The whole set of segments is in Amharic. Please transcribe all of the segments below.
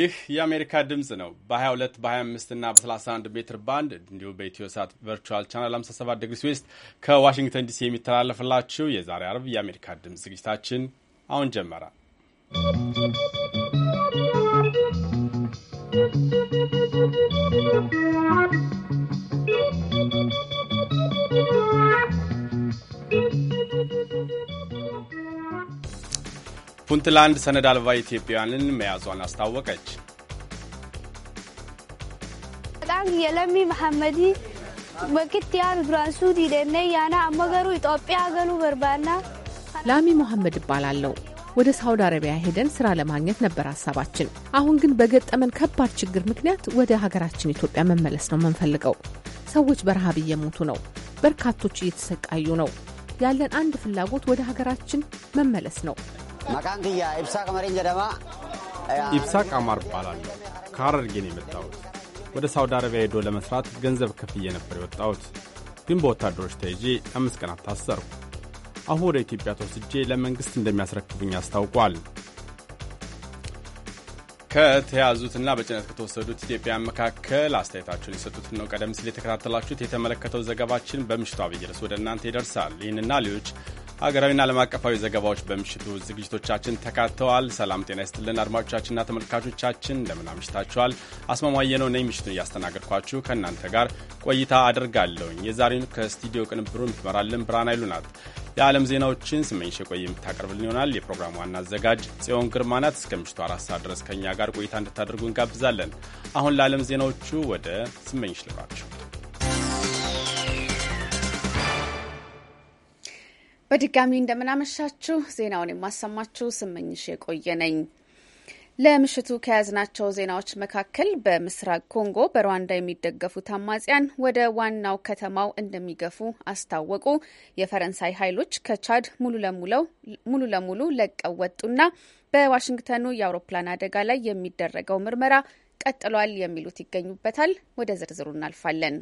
ይህ የአሜሪካ ድምፅ ነው። በ22 በ25 እና በ31 ሜትር ባንድ እንዲሁም በኢትዮ ሳት ቨርቹዋል ቻናል 57 ዲግሪ ስዌስት ከዋሽንግተን ዲሲ የሚተላለፍላችሁ የዛሬ አርብ የአሜሪካ ድምፅ ዝግጅታችን አሁን ጀመረ። ¶¶ ፑንትላንድ ሰነድ አልባ ኢትዮጵያውያንን መያዟን አስታወቀች። የለሚ መሐመዲ ያን ብራንሱ ዲደነ ያና አመገሩ ኢትዮጵያ ገሉ በርባና ላሚ መሐመድ እባላለሁ። ወደ ሳውዲ አረቢያ ሄደን ስራ ለማግኘት ነበር ሀሳባችን። አሁን ግን በገጠመን ከባድ ችግር ምክንያት ወደ ሀገራችን ኢትዮጵያ መመለስ ነው የምንፈልገው። ሰዎች በረሃብ እየሞቱ ነው። በርካቶች እየተሰቃዩ ነው። ያለን አንድ ፍላጎት ወደ ሀገራችን መመለስ ነው። መቃን ክያ ኢብሳ ቀመሬን ጀደማ ኢብሳ ቃማር እባላለሁ። ከሐረርጌ የመጣሁት። ወደ ሳውዲ አረቢያ ሄዶ ለመስራት ገንዘብ ከፍዬ ነበር የወጣሁት። ግን በወታደሮች ተይዤ አምስት ቀናት ታሰሩ አሁን ወደ ኢትዮጵያ ተወስጄ ለመንግሥት እንደሚያስረክቡኝ አስታውቋል። ከተያዙትና በጭነት ከተወሰዱት ኢትዮጵያውያን መካከል አስተያየታቸውን የሰጡትን ነው ቀደም ሲል የተከታተላችሁት። የተመለከተው ዘገባችን በምሽቱ አብይ ርዕስ ወደ እናንተ ይደርሳል። ይህንና ሌሎች ሀገራዊና ዓለም አቀፋዊ ዘገባዎች በምሽቱ ዝግጅቶቻችን ተካተዋል። ሰላም ጤና ይስጥልን አድማጮቻችንና ተመልካቾቻችን እንደምን አምሽታችኋል። አስማማየ ነው ነኝ ምሽቱን እያስተናገድኳችሁ ከእናንተ ጋር ቆይታ አደርጋለሁኝ። የዛሬን ከስቱዲዮ ቅንብሩ ምትመራልን ብርሃን አይሉ ናት። የዓለም ዜናዎችን ስመኝሽ ቆይ የምታቀርብልን ይሆናል። የፕሮግራም ዋና አዘጋጅ ጽዮን ግርማ ናት። እስከ ምሽቱ አራት ሰዓት ድረስ ከእኛ ጋር ቆይታ እንድታደርጉ እንጋብዛለን። አሁን ለዓለም ዜናዎቹ ወደ ስመኝሽ ልባቸው በድጋሚ እንደምናመሻችሁ ዜናውን የማሰማችሁ ስመኝሽ የቆየ ነኝ። ለምሽቱ ከያዝናቸው ዜናዎች መካከል በምስራቅ ኮንጎ በሩዋንዳ የሚደገፉት አማጽያን ወደ ዋናው ከተማው እንደሚገፉ አስታወቁ፣ የፈረንሳይ ኃይሎች ከቻድ ሙሉ ለሙሉ ለቀው ወጡና በዋሽንግተኑ የአውሮፕላን አደጋ ላይ የሚደረገው ምርመራ ቀጥሏል የሚሉት ይገኙበታል። ወደ ዝርዝሩ እናልፋለን።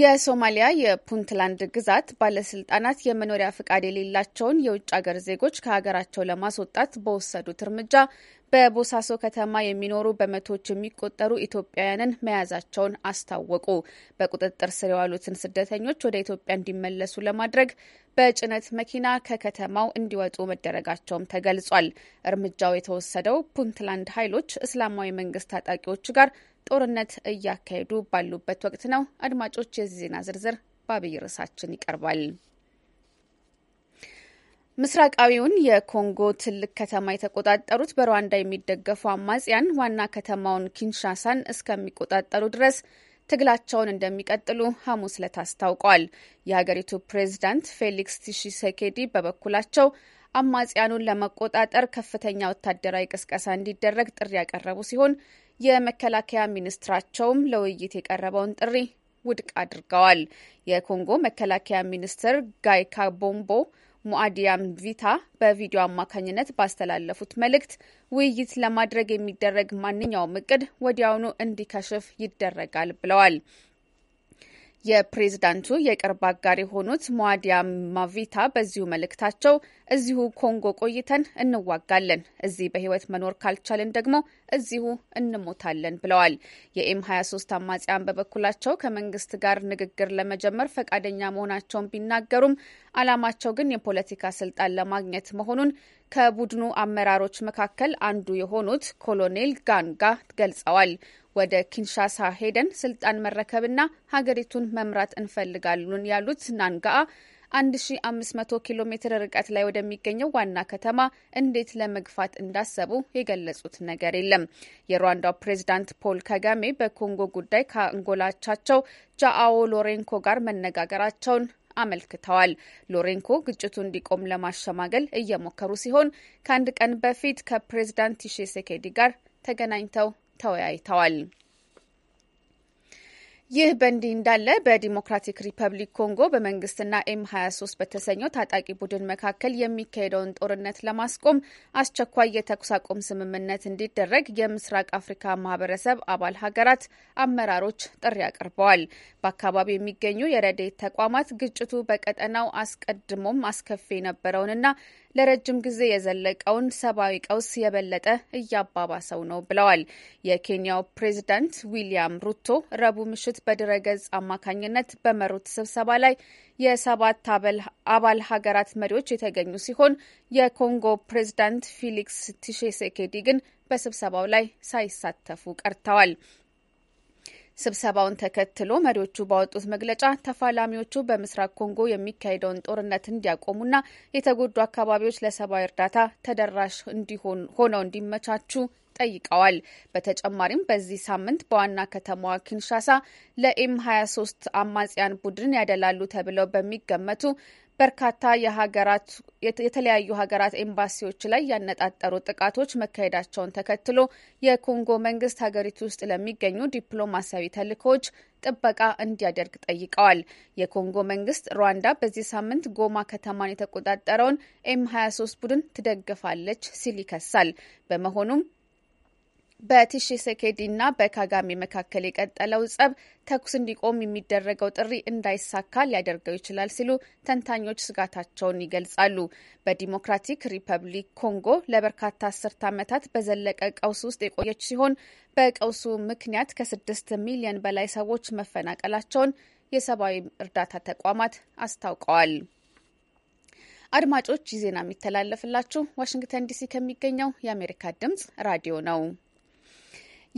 የሶማሊያ የፑንትላንድ ግዛት ባለስልጣናት የመኖሪያ ፍቃድ የሌላቸውን የውጭ ሀገር ዜጎች ከሀገራቸው ለማስወጣት በወሰዱት እርምጃ በቦሳሶ ከተማ የሚኖሩ በመቶዎች የሚቆጠሩ ኢትዮጵያውያንን መያዛቸውን አስታወቁ። በቁጥጥር ስር የዋሉትን ስደተኞች ወደ ኢትዮጵያ እንዲመለሱ ለማድረግ በጭነት መኪና ከከተማው እንዲወጡ መደረጋቸውም ተገልጿል። እርምጃው የተወሰደው ፑንትላንድ ኃይሎች እስላማዊ መንግስት ታጣቂዎች ጋር ጦርነት እያካሄዱ ባሉበት ወቅት ነው። አድማጮች፣ የዚህ ዜና ዝርዝር በአብይ ርዕሳችን ይቀርባል። ምስራቃዊውን የኮንጎ ትልቅ ከተማ የተቆጣጠሩት በሩዋንዳ የሚደገፉ አማጽያን ዋና ከተማውን ኪንሻሳን እስከሚቆጣጠሩ ድረስ ትግላቸውን እንደሚቀጥሉ ሐሙስ ዕለት አስታውቀዋል። የሀገሪቱ ፕሬዝዳንት ፌሊክስ ቲሺሴኬዲ በበኩላቸው አማጽያኑን ለመቆጣጠር ከፍተኛ ወታደራዊ ቅስቀሳ እንዲደረግ ጥሪ ያቀረቡ ሲሆን የመከላከያ ሚኒስትራቸውም ለውይይት የቀረበውን ጥሪ ውድቅ አድርገዋል። የኮንጎ መከላከያ ሚኒስትር ጋይካ ቦምቦ ሙአዲያም ቪታ በቪዲዮ አማካኝነት ባስተላለፉት መልእክት ውይይት ለማድረግ የሚደረግ ማንኛውም እቅድ ወዲያውኑ እንዲከሽፍ ይደረጋል ብለዋል። የፕሬዝዳንቱ የቅርብ አጋር የሆኑት ሙዋዲያ ማቪታ በዚሁ መልእክታቸው እዚሁ ኮንጎ ቆይተን እንዋጋለን፣ እዚህ በህይወት መኖር ካልቻልን ደግሞ እዚሁ እንሞታለን ብለዋል። የኤም 23 አማጽያን በበኩላቸው ከመንግስት ጋር ንግግር ለመጀመር ፈቃደኛ መሆናቸውን ቢናገሩም አላማቸው ግን የፖለቲካ ስልጣን ለማግኘት መሆኑን ከቡድኑ አመራሮች መካከል አንዱ የሆኑት ኮሎኔል ጋንጋ ገልጸዋል። ወደ ኪንሻሳ ሄደን ስልጣን መረከብና ሀገሪቱን መምራት እንፈልጋሉን ያሉት ናንጋአ 1500 ኪሎ ሜትር ርቀት ላይ ወደሚገኘው ዋና ከተማ እንዴት ለመግፋት እንዳሰቡ የገለጹት ነገር የለም። የሩዋንዳው ፕሬዚዳንት ፖል ካጋሜ በኮንጎ ጉዳይ ከአንጎላቻቸው ጃአዎ ሎሬንኮ ጋር መነጋገራቸውን አመልክተዋል። ሎሬንኮ ግጭቱ እንዲቆም ለማሸማገል እየሞከሩ ሲሆን ከአንድ ቀን በፊት ከፕሬዝዳንት ሺሴኬዲ ጋር ተገናኝተው ተወያይተዋል። ይህ በእንዲህ እንዳለ በዲሞክራቲክ ሪፐብሊክ ኮንጎ በመንግስትና ኤም 23 በተሰኘው ታጣቂ ቡድን መካከል የሚካሄደውን ጦርነት ለማስቆም አስቸኳይ የተኩስ አቁም ስምምነት እንዲደረግ የምስራቅ አፍሪካ ማህበረሰብ አባል ሀገራት አመራሮች ጥሪ አቅርበዋል። በአካባቢው የሚገኙ የረድኤት ተቋማት ግጭቱ በቀጠናው አስቀድሞም አስከፊ የነበረውንና ለረጅም ጊዜ የዘለቀውን ሰብአዊ ቀውስ የበለጠ እያባባሰው ነው ብለዋል። የኬንያው ፕሬዚዳንት ዊሊያም ሩቶ ረቡዕ ምሽት በድረገጽ አማካኝነት በመሩት ስብሰባ ላይ የሰባት አባል ሀገራት መሪዎች የተገኙ ሲሆን የኮንጎ ፕሬዚዳንት ፊሊክስ ቲሼሴኬዲ ግን በስብሰባው ላይ ሳይሳተፉ ቀርተዋል። ስብሰባውን ተከትሎ መሪዎቹ ባወጡት መግለጫ ተፋላሚዎቹ በምስራቅ ኮንጎ የሚካሄደውን ጦርነት እንዲያቆሙና የተጎዱ አካባቢዎች ለሰብአዊ እርዳታ ተደራሽ እንዲሆን ሆነው እንዲመቻቹ ጠይቀዋል። በተጨማሪም በዚህ ሳምንት በዋና ከተማዋ ኪንሻሳ ለኤም 23 አማጽያን ቡድን ያደላሉ ተብለው በሚገመቱ በርካታ የሀገራት የተለያዩ ሀገራት ኤምባሲዎች ላይ ያነጣጠሩ ጥቃቶች መካሄዳቸውን ተከትሎ የኮንጎ መንግስት ሀገሪቱ ውስጥ ለሚገኙ ዲፕሎማሲያዊ ተልእኮዎች ጥበቃ እንዲያደርግ ጠይቀዋል። የኮንጎ መንግስት ሩዋንዳ በዚህ ሳምንት ጎማ ከተማን የተቆጣጠረውን ኤም 23 ቡድን ትደግፋለች ሲል ይከሳል። በመሆኑም በቲሺሴኬዲ እና በካጋሜ መካከል የቀጠለው ጸብ ተኩስ እንዲቆም የሚደረገው ጥሪ እንዳይሳካ ሊያደርገው ይችላል ሲሉ ተንታኞች ስጋታቸውን ይገልጻሉ። በዲሞክራቲክ ሪፐብሊክ ኮንጎ ለበርካታ አስርት ዓመታት በዘለቀ ቀውስ ውስጥ የቆየች ሲሆን በቀውሱ ምክንያት ከስድስት ሚሊዮን በላይ ሰዎች መፈናቀላቸውን የሰብአዊ እርዳታ ተቋማት አስታውቀዋል። አድማጮች ይህ ዜና የሚተላለፍላችሁ ዋሽንግተን ዲሲ ከሚገኘው የአሜሪካ ድምጽ ራዲዮ ነው።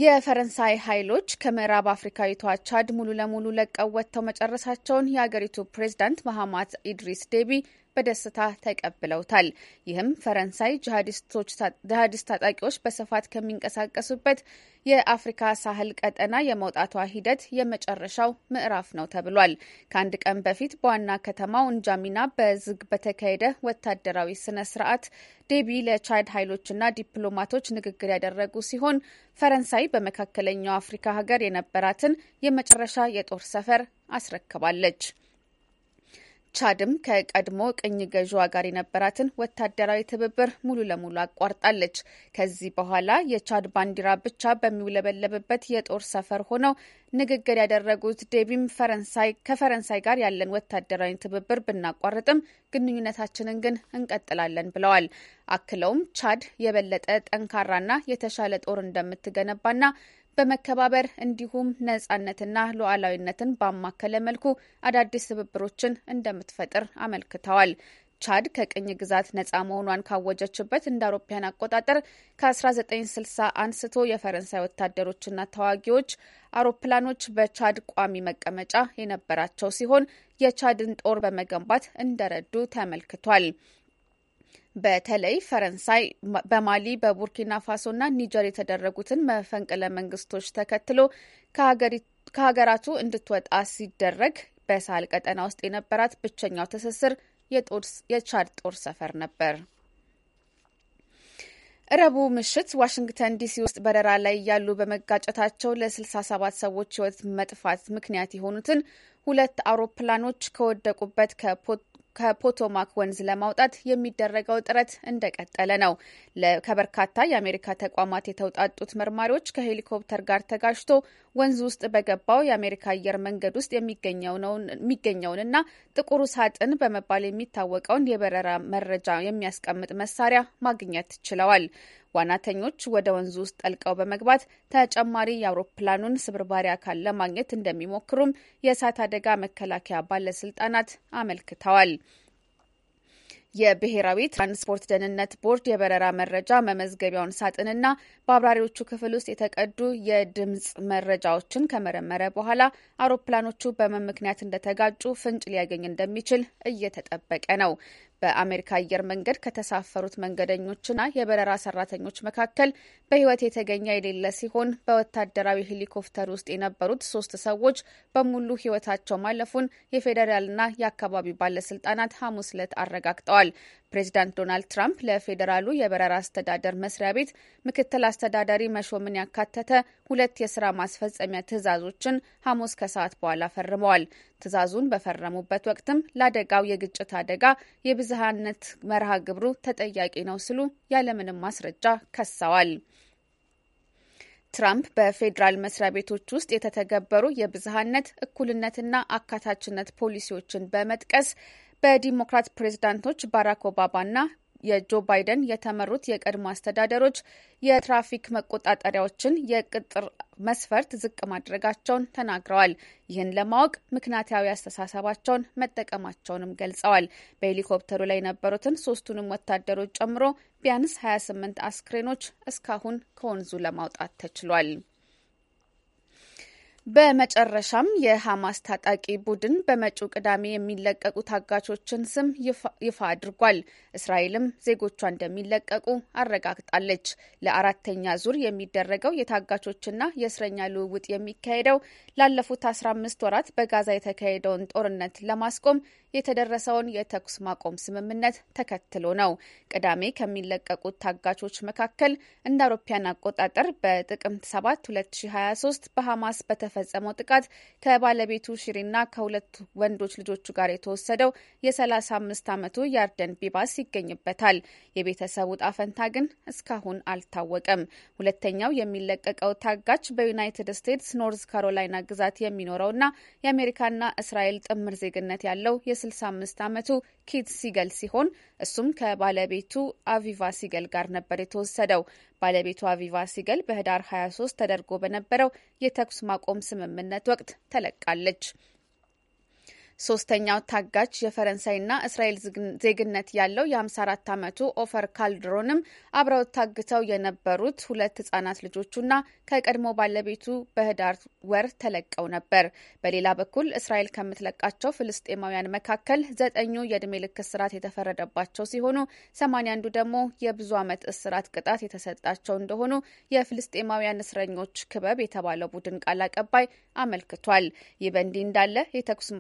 የፈረንሳይ ኃይሎች ከምዕራብ አፍሪካዊቷ ቻድ ሙሉ ለሙሉ ለቀው ወጥተው መጨረሳቸውን የአገሪቱ ፕሬዝዳንት መሐማት ኢድሪስ ዴቢ በደስታ ተቀብለውታል። ይህም ፈረንሳይ ጂሃዲስት ታጣቂዎች በስፋት ከሚንቀሳቀሱበት የአፍሪካ ሳህል ቀጠና የመውጣቷ ሂደት የመጨረሻው ምዕራፍ ነው ተብሏል። ከአንድ ቀን በፊት በዋና ከተማው እንጃሚና በዝግ በተካሄደ ወታደራዊ ስነ ስርዓት ዴቢ ለቻድ ኃይሎችና ዲፕሎማቶች ንግግር ያደረጉ ሲሆን ፈረንሳይ በመካከለኛው አፍሪካ ሀገር የነበራትን የመጨረሻ የጦር ሰፈር አስረክባለች። ቻድም ከቀድሞ ቅኝ ገዥዋ ጋር የነበራትን ወታደራዊ ትብብር ሙሉ ለሙሉ አቋርጣለች። ከዚህ በኋላ የቻድ ባንዲራ ብቻ በሚውለበለብበት የጦር ሰፈር ሆነው ንግግር ያደረጉት ዴቢም ፈረንሳይ ከፈረንሳይ ጋር ያለን ወታደራዊ ትብብር ብናቋርጥም ግንኙነታችንን ግን እንቀጥላለን ብለዋል። አክለውም ቻድ የበለጠ ጠንካራና የተሻለ ጦር እንደምትገነባና በመከባበር እንዲሁም ነጻነትና ሉዓላዊነትን ባማከለ መልኩ አዳዲስ ትብብሮችን እንደምትፈጥር አመልክተዋል። ቻድ ከቅኝ ግዛት ነጻ መሆኗን ካወጀችበት እንደ አውሮፓውያን አቆጣጠር ከ1960 አንስቶ የፈረንሳይ ወታደሮችና ተዋጊዎች አውሮፕላኖች በቻድ ቋሚ መቀመጫ የነበራቸው ሲሆን የቻድን ጦር በመገንባት እንደረዱ ተመልክቷል። በተለይ ፈረንሳይ በማሊ በቡርኪና ፋሶና ኒጀር የተደረጉትን መፈንቅለ መንግስቶች ተከትሎ ከሀገራቱ እንድትወጣ ሲደረግ በሳል ቀጠና ውስጥ የነበራት ብቸኛው ትስስር የቻድ ጦር ሰፈር ነበር። እረቡ ምሽት ዋሽንግተን ዲሲ ውስጥ በረራ ላይ ያሉ በመጋጨታቸው ለ67 ሰዎች ህይወት መጥፋት ምክንያት የሆኑትን ሁለት አውሮፕላኖች ከወደቁበት ከፖቶማክ ወንዝ ለማውጣት የሚደረገው ጥረት እንደቀጠለ ነው። ከበርካታ የአሜሪካ ተቋማት የተውጣጡት መርማሪዎች ከሄሊኮፕተር ጋር ተጋጅቶ ወንዝ ውስጥ በገባው የአሜሪካ አየር መንገድ ውስጥ የሚገኘውንና ጥቁሩ ሳጥን በመባል የሚታወቀውን የበረራ መረጃ የሚያስቀምጥ መሳሪያ ማግኘት ችለዋል። ዋናተኞች ወደ ወንዙ ውስጥ ጠልቀው በመግባት ተጨማሪ የአውሮፕላኑን ስብርባሪ አካል ለማግኘት እንደሚሞክሩም የእሳት አደጋ መከላከያ ባለስልጣናት አመልክተዋል። የብሔራዊ ትራንስፖርት ደህንነት ቦርድ የበረራ መረጃ መመዝገቢያውን ሳጥንና በአብራሪዎቹ ክፍል ውስጥ የተቀዱ የድምፅ መረጃዎችን ከመረመረ በኋላ አውሮፕላኖቹ በምን ምክንያት እንደተጋጩ ፍንጭ ሊያገኝ እንደሚችል እየተጠበቀ ነው። በአሜሪካ አየር መንገድ ከተሳፈሩት መንገደኞችና የበረራ ሰራተኞች መካከል በሕይወት የተገኘ የሌለ ሲሆን በወታደራዊ ሄሊኮፕተር ውስጥ የነበሩት ሶስት ሰዎች በሙሉ ሕይወታቸው ማለፉን የፌዴራልና የአካባቢው ባለስልጣናት ሐሙስ ዕለት አረጋግጠዋል። ፕሬዚዳንት ዶናልድ ትራምፕ ለፌዴራሉ የበረራ አስተዳደር መስሪያ ቤት ምክትል አስተዳዳሪ መሾምን ያካተተ ሁለት የስራ ማስፈጸሚያ ትዕዛዞችን ሐሙስ ከሰዓት በኋላ ፈርመዋል። ትዕዛዙን በፈረሙበት ወቅትም ለአደጋው የግጭት አደጋ የብዝሃነት መርሃ ግብሩ ተጠያቂ ነው ሲሉ ያለምንም ማስረጃ ከሰዋል። ትራምፕ በፌዴራል መስሪያ ቤቶች ውስጥ የተተገበሩ የብዝሃነት እኩልነትና አካታችነት ፖሊሲዎችን በመጥቀስ በዲሞክራት ፕሬዝዳንቶች ባራክ ኦባማና የጆ ባይደን የተመሩት የቀድሞ አስተዳደሮች የትራፊክ መቆጣጠሪያዎችን የቅጥር መስፈርት ዝቅ ማድረጋቸውን ተናግረዋል። ይህን ለማወቅ ምክንያታዊ አስተሳሰባቸውን መጠቀማቸውንም ገልጸዋል። በሄሊኮፕተሩ ላይ የነበሩትን ሶስቱንም ወታደሮች ጨምሮ ቢያንስ 28 አስክሬኖች እስካሁን ከወንዙ ለማውጣት ተችሏል። በመጨረሻም የሐማስ ታጣቂ ቡድን በመጪው ቅዳሜ የሚለቀቁ ታጋቾችን ስም ይፋ አድርጓል። እስራኤልም ዜጎቿ እንደሚለቀቁ አረጋግጣለች። ለአራተኛ ዙር የሚደረገው የታጋቾችና የእስረኛ ልውውጥ የሚካሄደው ላለፉት አስራ አምስት ወራት በጋዛ የተካሄደውን ጦርነት ለማስቆም የተደረሰውን የተኩስ ማቆም ስምምነት ተከትሎ ነው። ቅዳሜ ከሚለቀቁት ታጋቾች መካከል እንደ አውሮፓያን አቆጣጠር በጥቅምት 7 2023 በሐማስ በተፈጸመው ጥቃት ከባለቤቱ ሽሪና ከሁለት ወንዶች ልጆቹ ጋር የተወሰደው የ35 ዓመቱ ያርደን ቢባስ ይገኝበታል። የቤተሰቡ ዕጣ ፈንታ ግን እስካሁን አልታወቀም። ሁለተኛው የሚለቀቀው ታጋች በዩናይትድ ስቴትስ ኖርዝ ካሮላይና ግዛት የሚኖረውና የአሜሪካና እስራኤል ጥምር ዜግነት ያለው የ65 ዓመቱ ኪት ሲገል ሲሆን እሱም ከባለቤቱ አቪቫ ሲገል ጋር ነበር የተወሰደው። ባለቤቱ አቪቫ ሲገል በህዳር 23 ተደርጎ በነበረው የተኩስ ማቆም ስምምነት ወቅት ተለቃለች። ሶስተኛው ታጋች የፈረንሳይና እስራኤል ዜግነት ያለው የ54 ዓመቱ ኦፈር ካልድሮንም አብረው ታግተው የነበሩት ሁለት ህጻናት ልጆቹና ከቀድሞ ባለቤቱ በህዳር ወር ተለቀው ነበር። በሌላ በኩል እስራኤል ከምትለቃቸው ፍልስጤማውያን መካከል ዘጠኙ የእድሜ ልክ እስራት የተፈረደባቸው ሲሆኑ 81ዱ ደግሞ የብዙ ዓመት እስራት ቅጣት የተሰጣቸው እንደሆኑ የፍልስጤማውያን እስረኞች ክበብ የተባለው ቡድን ቃል አቀባይ አመልክቷል። ይህ በእንዲህ እንዳለ የተኩስ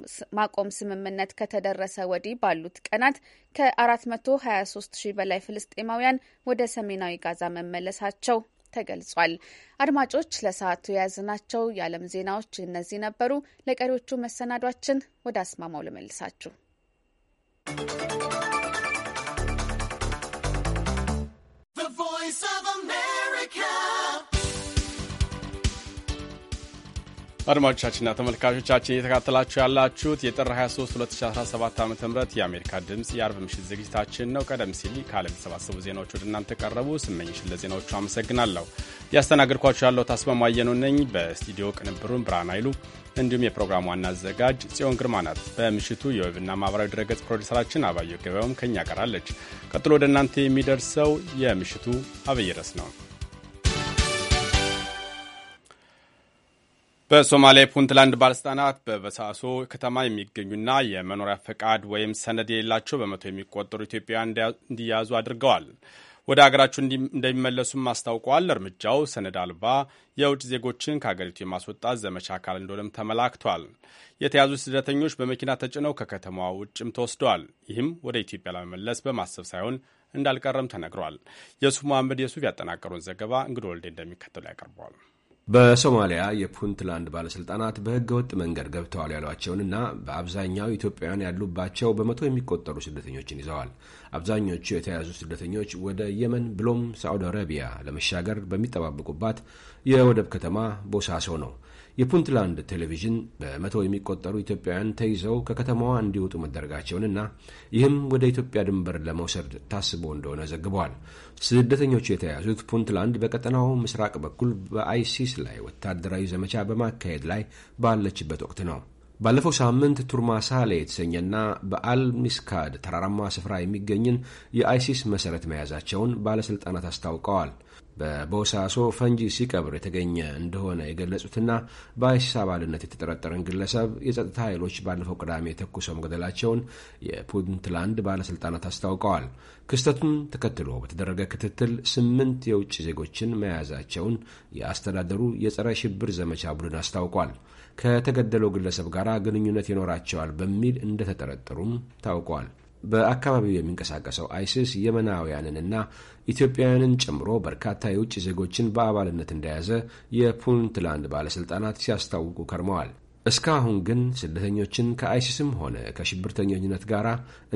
የማቆም ስምምነት ከተደረሰ ወዲህ ባሉት ቀናት ከ423 ሺህ በላይ ፍልስጤማውያን ወደ ሰሜናዊ ጋዛ መመለሳቸው ተገልጿል። አድማጮች ለሰዓቱ የያዝናቸው የዓለም ዜናዎች እነዚህ ነበሩ። ለቀሪዎቹ መሰናዷችን ወደ አስማማው ልመልሳችሁ። አድማጮቻችንና ተመልካቾቻችን እየተካተላችሁ ያላችሁት የጥር 23 2017 ዓ ም የአሜሪካ ድምፅ የአርብ ምሽት ዝግጅታችን ነው። ቀደም ሲል ከዓለም የተሰባሰቡ ዜናዎች ወደ እናንተ ቀረቡ። ስመኝሽን ለዜናዎቹ አመሰግናለሁ። ያስተናገድኳችሁ ያለው ታስማማየኑ ነኝ። በስቱዲዮ ቅንብሩን ብርሃን አይሉ እንዲሁም የፕሮግራሙ ዋና አዘጋጅ ጽዮን ግርማ ናት። በምሽቱ የዌብና ማህበራዊ ድረገጽ ፕሮዲሰራችን አባየሁ ገበያውም ከኛ ቀራለች። ቀጥሎ ወደ እናንተ የሚደርሰው የምሽቱ አብይ ርዕስ ነው። በሶማሊያ ፑንትላንድ ባለስልጣናት በበሳሶ ከተማ የሚገኙና የመኖሪያ ፈቃድ ወይም ሰነድ የሌላቸው በመቶ የሚቆጠሩ ኢትዮጵያውያን እንዲያዙ አድርገዋል። ወደ አገራቸው እንደሚመለሱም አስታውቀዋል። እርምጃው ሰነድ አልባ የውጭ ዜጎችን ከሀገሪቱ የማስወጣት ዘመቻ አካል እንደሆነም ተመላክቷል። የተያዙ ስደተኞች በመኪና ተጭነው ከከተማዋ ውጭም ተወስደዋል። ይህም ወደ ኢትዮጵያ ለመመለስ በማሰብ ሳይሆን እንዳልቀረም ተነግሯል። የሱፍ መሐመድ የሱፍ ያጠናቀሩን ዘገባ እንግዶ ወልዴ እንደሚከተሉ ያቀርበዋል። በሶማሊያ የፑንትላንድ ባለሥልጣናት በሕገ ወጥ መንገድ ገብተዋል ያሏቸውንና በአብዛኛው ኢትዮጵያውያን ያሉባቸው በመቶ የሚቆጠሩ ስደተኞችን ይዘዋል። አብዛኞቹ የተያዙ ስደተኞች ወደ የመን ብሎም ሳዑዲ አረቢያ ለመሻገር በሚጠባበቁባት የወደብ ከተማ ቦሳሶ ነው። የፑንትላንድ ቴሌቪዥን በመቶ የሚቆጠሩ ኢትዮጵያውያን ተይዘው ከከተማዋ እንዲወጡ መደረጋቸውንና ይህም ወደ ኢትዮጵያ ድንበር ለመውሰድ ታስቦ እንደሆነ ዘግቧል። ስደተኞቹ የተያዙት ፑንትላንድ በቀጠናው ምስራቅ በኩል በአይሲስ ላይ ወታደራዊ ዘመቻ በማካሄድ ላይ ባለችበት ወቅት ነው። ባለፈው ሳምንት ቱርማሳሌ የተሰኘና በአልሚስካድ ተራራማ ስፍራ የሚገኝን የአይሲስ መሠረት መያዛቸውን ባለሥልጣናት አስታውቀዋል። በቦሳሶ ፈንጂ ሲቀብር የተገኘ እንደሆነ የገለጹትና በአይሲስ አባልነት የተጠረጠረን ግለሰብ የጸጥታ ኃይሎች ባለፈው ቅዳሜ ተኩሰው መግደላቸውን የፑንትላንድ ባለሥልጣናት አስታውቀዋል። ክስተቱን ተከትሎ በተደረገ ክትትል ስምንት የውጭ ዜጎችን መያዛቸውን የአስተዳደሩ የጸረ ሽብር ዘመቻ ቡድን አስታውቋል። ከተገደለው ግለሰብ ጋር ግንኙነት ይኖራቸዋል በሚል እንደተጠረጠሩም ታውቋል። በአካባቢው የሚንቀሳቀሰው አይሲስ የመናውያንንና ኢትዮጵያውያንን ጨምሮ በርካታ የውጭ ዜጎችን በአባልነት እንደያዘ የፑንትላንድ ባለሥልጣናት ሲያስታውቁ ከርመዋል። እስካሁን ግን ስደተኞችን ከአይሲስም ሆነ ከሽብርተኞችነት ጋር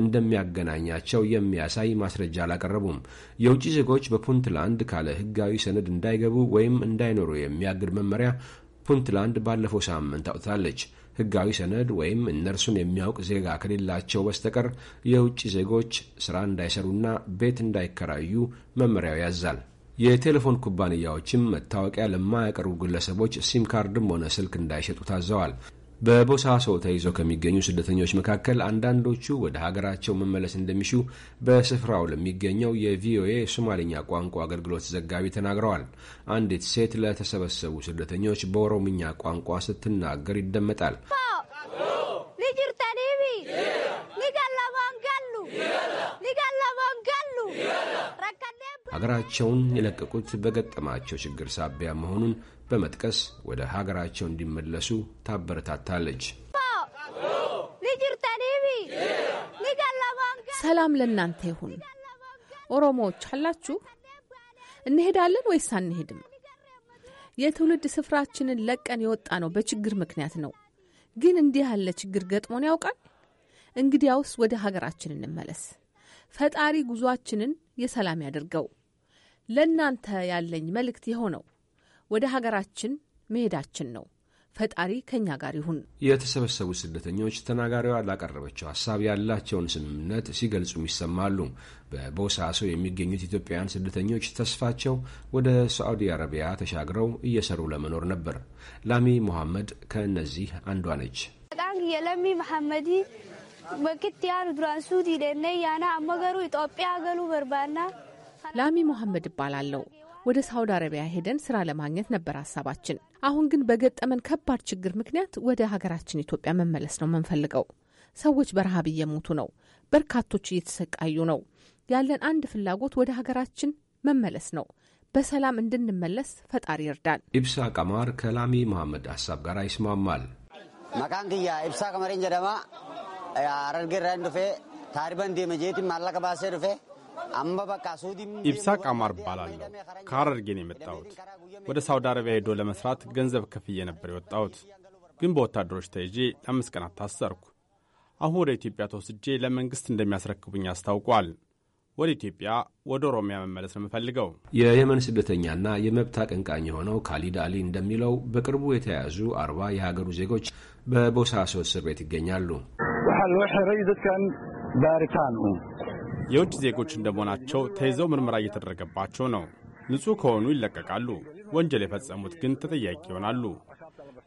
እንደሚያገናኛቸው የሚያሳይ ማስረጃ አላቀረቡም። የውጭ ዜጎች በፑንትላንድ ካለ ሕጋዊ ሰነድ እንዳይገቡ ወይም እንዳይኖሩ የሚያግድ መመሪያ ፑንትላንድ ባለፈው ሳምንት አውጥታለች። ህጋዊ ሰነድ ወይም እነርሱን የሚያውቅ ዜጋ ከሌላቸው በስተቀር የውጭ ዜጎች ስራ እንዳይሰሩና ቤት እንዳይከራዩ መመሪያው ያዛል። የቴሌፎን ኩባንያዎችም መታወቂያ ለማያቀርቡ ግለሰቦች ሲም ካርድም ሆነ ስልክ እንዳይሸጡ ታዘዋል። በቦሳሶ ተይዘው ከሚገኙ ስደተኞች መካከል አንዳንዶቹ ወደ ሀገራቸው መመለስ እንደሚሹ በስፍራው ለሚገኘው የቪኦኤ ሶማሌኛ ቋንቋ አገልግሎት ዘጋቢ ተናግረዋል። አንዲት ሴት ለተሰበሰቡ ስደተኞች በኦሮምኛ ቋንቋ ስትናገር ይደመጣል። ሀገራቸውን የለቀቁት በገጠማቸው ችግር ሳቢያ መሆኑን በመጥቀስ ወደ ሀገራቸው እንዲመለሱ ታበረታታለች። ሰላም ለእናንተ ይሁን። ኦሮሞዎች አላችሁ? እንሄዳለን ወይስ አንሄድም? የትውልድ ስፍራችንን ለቀን የወጣ ነው በችግር ምክንያት ነው። ግን እንዲህ ያለ ችግር ገጥሞን ያውቃል? እንግዲያውስ ወደ ሀገራችን እንመለስ። ፈጣሪ ጉዟችንን የሰላም ያደርገው። ለእናንተ ያለኝ መልእክት የሆነው ወደ ሀገራችን መሄዳችን ነው። ፈጣሪ ከእኛ ጋር ይሁን። የተሰበሰቡ ስደተኞች ተናጋሪዋ ላቀረበችው ሀሳብ ያላቸውን ስምምነት ሲገልጹም ይሰማሉ። በቦሳሶ የሚገኙት ኢትዮጵያውያን ስደተኞች ተስፋቸው ወደ ሳዑዲ አረቢያ ተሻግረው እየሰሩ ለመኖር ነበር። ላሚ ሞሐመድ ከእነዚህ አንዷ ነች። የለሚ መሐመዲ በክት ያን ዱራንሱ ዲደነ ያና አመገሩ ኢትዮጵያ ገሉ በርባና ላሚ ሞሐመድ እባላለሁ ወደ ሳውዲ አረቢያ ሄደን ስራ ለማግኘት ነበር ሀሳባችን። አሁን ግን በገጠመን ከባድ ችግር ምክንያት ወደ ሀገራችን ኢትዮጵያ መመለስ ነው የምንፈልገው። ሰዎች በረሃብ እየሞቱ ነው። በርካቶች እየተሰቃዩ ነው። ያለን አንድ ፍላጎት ወደ ሀገራችን መመለስ ነው። በሰላም እንድንመለስ ፈጣሪ ይርዳል። ኢብሳ ቀማር ከላሚ መሐመድ ሀሳብ ጋር ይስማማል። መካንክያ ኢብሳ ቀመሬን ጀደማ አረርጌ ዱፌ ታሪበን ዲመጄቲ ማላቀባሴ ዱፌ ኢብሳቅ አማር እባላለሁ። ከሐረርጌን የመጣሁት ወደ ሳውዲ አረቢያ ሄዶ ለመሥራት ገንዘብ ከፍዬ ነበር የወጣሁት፣ ግን በወታደሮች ተይዤ ለአምስት ቀናት ታሰርኩ። አሁን ወደ ኢትዮጵያ ተወስጄ ለመንግሥት እንደሚያስረክቡኝ አስታውቋል። ወደ ኢትዮጵያ ወደ ኦሮሚያ መመለስ ነው የምፈልገው። የየመን ስደተኛና የመብት አቀንቃኝ የሆነው ካሊድ አሊ እንደሚለው በቅርቡ የተያያዙ አርባ የሀገሩ ዜጎች በቦሳሶ እስር ቤት ይገኛሉ። የውጭ ዜጎች እንደመሆናቸው ተይዘው ምርመራ እየተደረገባቸው ነው። ንጹሕ ከሆኑ ይለቀቃሉ። ወንጀል የፈጸሙት ግን ተጠያቂ ይሆናሉ።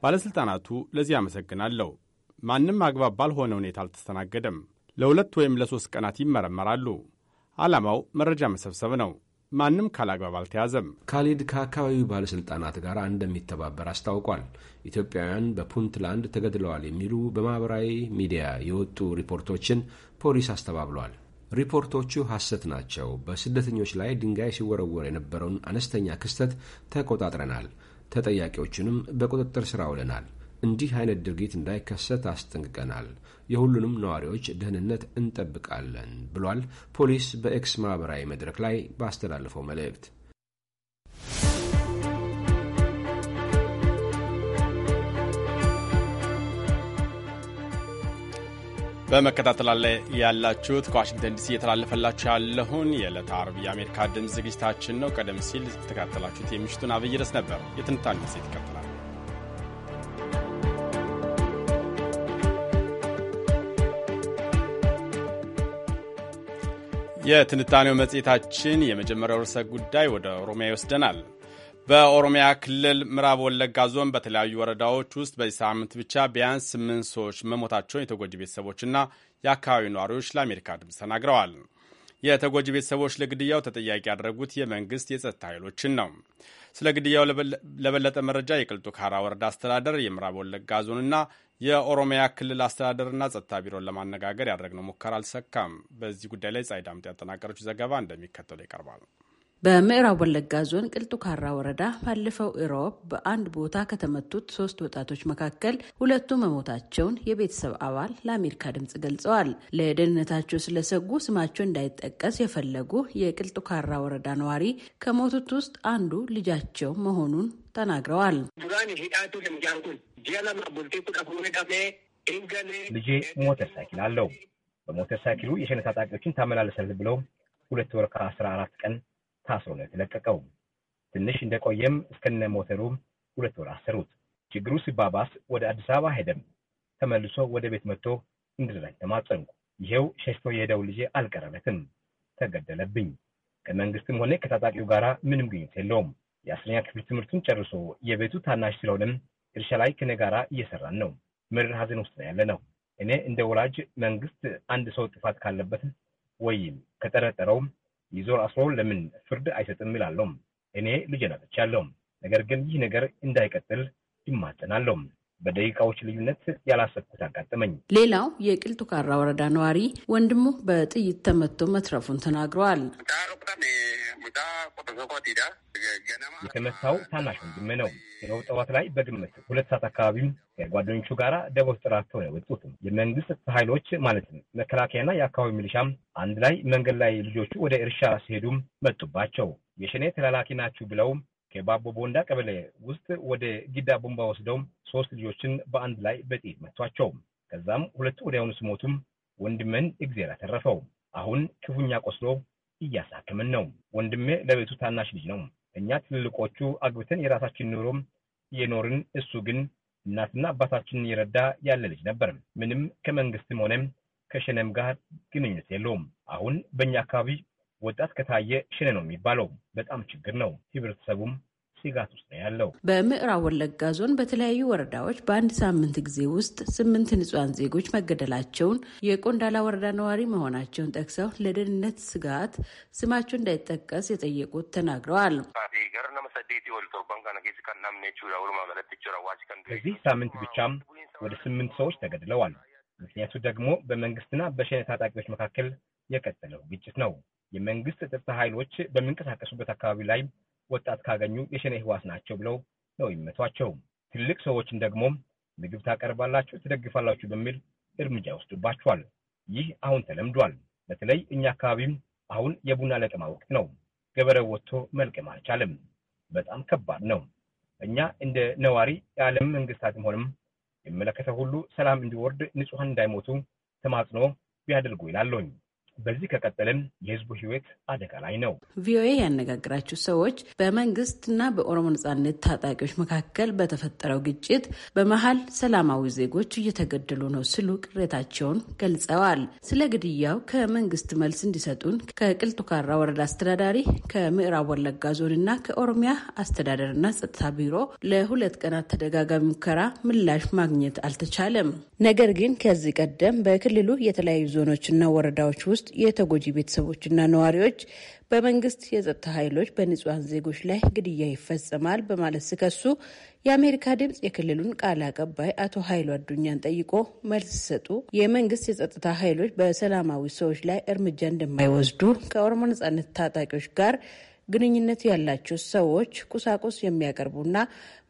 ባለሥልጣናቱ ለዚህ አመሰግናለሁ። ማንም አግባብ ባልሆነ ሁኔታ አልተስተናገደም። ለሁለት ወይም ለሦስት ቀናት ይመረመራሉ። ዓላማው መረጃ መሰብሰብ ነው። ማንም ካላግባብ አልተያዘም። ካሊድ ከአካባቢው ባለሥልጣናት ጋር እንደሚተባበር አስታውቋል። ኢትዮጵያውያን በፑንትላንድ ተገድለዋል የሚሉ በማኅበራዊ ሚዲያ የወጡ ሪፖርቶችን ፖሊስ አስተባብሏል። ሪፖርቶቹ ሐሰት ናቸው። በስደተኞች ላይ ድንጋይ ሲወረወር የነበረውን አነስተኛ ክስተት ተቆጣጥረናል። ተጠያቂዎቹንም በቁጥጥር ሥር አውለናል። እንዲህ አይነት ድርጊት እንዳይከሰት አስጠንቅቀናል። የሁሉንም ነዋሪዎች ደህንነት እንጠብቃለን ብሏል ፖሊስ በኤክስ ማኅበራዊ መድረክ ላይ ባስተላለፈው መልእክት። በመከታተል ላይ ያላችሁት ከዋሽንግተን ዲሲ እየተላለፈላችሁ ያለውን የዕለት አርብ የአሜሪካ ድምፅ ዝግጅታችን ነው። ቀደም ሲል የተከታተላችሁት የምሽቱን አብይ ርዕስ ነበር። የትንታኔ መጽሔት ይቀጥላል። የትንታኔው መጽሔታችን የመጀመሪያው ርዕሰ ጉዳይ ወደ ኦሮሚያ ይወስደናል። በኦሮሚያ ክልል ምዕራብ ወለጋ ዞን በተለያዩ ወረዳዎች ውስጥ በዚህ ሳምንት ብቻ ቢያንስ ስምንት ሰዎች መሞታቸውን የተጎጂ ቤተሰቦችና የአካባቢው ነዋሪዎች ለአሜሪካ ድምፅ ተናግረዋል። የተጎጂ ቤተሰቦች ለግድያው ተጠያቂ ያደረጉት የመንግስት የጸጥታ ኃይሎችን ነው። ስለ ግድያው ለበለጠ መረጃ የቅልጡ ካራ ወረዳ አስተዳደር፣ የምዕራብ ወለጋ ዞንና የኦሮሚያ ክልል አስተዳደርና ጸጥታ ቢሮን ለማነጋገር ያደረግነው ሙከራ አልሰካም። በዚህ ጉዳይ ላይ ጸሐይ ዳምጤ ያጠናቀረችው ዘገባ እንደሚከተለው ይቀርባል። በምዕራብ ወለጋ ዞን ቅልጡ ካራ ወረዳ ባለፈው እሮብ በአንድ ቦታ ከተመቱት ሶስት ወጣቶች መካከል ሁለቱ መሞታቸውን የቤተሰብ አባል ለአሜሪካ ድምጽ ገልጸዋል። ለደህንነታቸው ስለሰጉ ስማቸው እንዳይጠቀስ የፈለጉ የቅልጡ ካራ ወረዳ ነዋሪ ከሞቱት ውስጥ አንዱ ልጃቸው መሆኑን ተናግረዋል። ልጄ ሞተር ሳይክል አለው። በሞተር ሳይክሉ የሸነ ታጣቂዎችን ታመላለሳል ብለው ሁለት ወር ከአስራ አራት ቀን ታስሮ ነው የተለቀቀው። ትንሽ እንደቆየም እስከነ ሞተሩም ሁለት ወር አሰሩት። ችግሩ ሲባባስ ወደ አዲስ አበባ ሄደም። ተመልሶ ወደ ቤት መጥቶ እንድረዳኝ ተማጸንኩ። ይሄው ሸሽቶ የሄደው ልጄ አልቀረበትም፣ ተገደለብኝ። ከመንግስትም ሆነ ከታጣቂው ጋራ ምንም ግኙት የለውም። የአስረኛ ክፍል ትምህርቱን ጨርሶ የቤቱ ታናሽ ስለሆነም እርሻ ላይ ከኔ ጋራ እየሰራን ነው። ምድር ሀዘን ውስጥ ነው ያለ ነው። እኔ እንደ ወላጅ መንግስት አንድ ሰው ጥፋት ካለበት ወይም ከጠረጠረው ይዞ አስሮ ለምን ፍርድ አይሰጥም ይላለውም። እኔ ልጅ ነች ነገር ግን ይህ ነገር እንዳይቀጥል ይማጸናለውም። በደቂቃዎች ልዩነት ያላሰብኩት አጋጠመኝ። ሌላው የቅልጡ ካራ ወረዳ ነዋሪ ወንድሙ በጥይት ተመቶ መትረፉን ተናግረዋል። የተመታው ታናሽ ወንድም ነው። ነው ጠዋት ላይ በግምት ሁለት ሰዓት አካባቢም ከጓደኞቹ ጋር ደቦት ጥራቸው ነው የወጡት። የመንግስት ኃይሎች ማለትም መከላከያና የአካባቢ ሚሊሻም አንድ ላይ መንገድ ላይ ልጆቹ ወደ እርሻ ሲሄዱም መጡባቸው። የሸኔ ተላላኪ ናችሁ ብለው ከባቦ ቦንዳ ቀበሌ ውስጥ ወደ ጊዳ ቦምባ ወስደው ሶስት ልጆችን በአንድ ላይ በጥይት መቷቸው። ከዛም ሁለቱ ወዲያውኑ ስሞቱም ወንድሜን እግዜር አተረፈው። አሁን ክፉኛ ቆስሎ እያሳከምን ነው። ወንድሜ ለቤቱ ታናሽ ልጅ ነው። እኛ ትልልቆቹ አግብተን የራሳችን ኑሮ የኖርን፣ እሱ ግን እናትና አባታችንን እየረዳ ያለ ልጅ ነበር። ምንም ከመንግስትም ሆነ ከሸነም ጋር ግንኙነት የለውም። አሁን በእኛ አካባቢ ወጣት ከታየ ሸነ ነው የሚባለው። በጣም ችግር ነው። ህብረተሰቡም ስጋት ውስጥ ነው ያለው። በምዕራብ ወለጋ ዞን በተለያዩ ወረዳዎች በአንድ ሳምንት ጊዜ ውስጥ ስምንት ንጹሐን ዜጎች መገደላቸውን የቆንዳላ ወረዳ ነዋሪ መሆናቸውን ጠቅሰው ለደህንነት ስጋት ስማቸው እንዳይጠቀስ የጠየቁት ተናግረዋል። በዚህ ሳምንት ብቻም ወደ ስምንት ሰዎች ተገድለዋል። ምክንያቱ ደግሞ በመንግስትና በሸነ ታጣቂዎች መካከል የቀጠለው ግጭት ነው። የመንግስት ጸጥታ ኃይሎች በሚንቀሳቀሱበት አካባቢ ላይ ወጣት ካገኙ የሸኔ ህዋስ ናቸው ብለው ነው የሚመቷቸው። ትልቅ ሰዎችን ደግሞም ምግብ ታቀርባላችሁ፣ ትደግፋላችሁ በሚል እርምጃ ይወስዱባቸዋል። ይህ አሁን ተለምዷል። በተለይ እኛ አካባቢም አሁን የቡና ለቀማ ወቅት ነው። ገበሬው ወጥቶ መልቀም አልቻለም። በጣም ከባድ ነው። እኛ እንደ ነዋሪ የዓለም መንግስታትም ሆንም የሚመለከተው ሁሉ ሰላም እንዲወርድ፣ ንጹሐን እንዳይሞቱ ተማጽኖ ቢያደርጉ ይላለኝ። በዚህ ከቀጠለም የህዝቡ ህይወት አደጋ ላይ ነው። ቪኦኤ ያነጋግራችሁ ሰዎች በመንግስትና በኦሮሞ ነጻነት ታጣቂዎች መካከል በተፈጠረው ግጭት በመሀል ሰላማዊ ዜጎች እየተገደሉ ነው ሲሉ ቅሬታቸውን ገልጸዋል። ስለ ግድያው ከመንግስት መልስ እንዲሰጡን ከቅልጡካራ ወረዳ አስተዳዳሪ፣ ከምዕራብ ወለጋ ዞንና ከኦሮሚያ አስተዳደርና ጸጥታ ቢሮ ለሁለት ቀናት ተደጋጋሚ ሙከራ ምላሽ ማግኘት አልተቻለም። ነገር ግን ከዚህ ቀደም በክልሉ የተለያዩ ዞኖችና ወረዳዎች ውስጥ ውስጥ የተጎጂ ቤተሰቦችና ነዋሪዎች በመንግስት የጸጥታ ኃይሎች በንጹሐን ዜጎች ላይ ግድያ ይፈጸማል በማለት ሲከሱ የአሜሪካ ድምፅ የክልሉን ቃል አቀባይ አቶ ኃይሉ አዱኛን ጠይቆ መልስ ሲሰጡ የመንግስት የጸጥታ ኃይሎች በሰላማዊ ሰዎች ላይ እርምጃ እንደማይወስዱ ከኦሮሞ ነጻነት ታጣቂዎች ጋር ግንኙነት ያላቸው ሰዎች ቁሳቁስ የሚያቀርቡና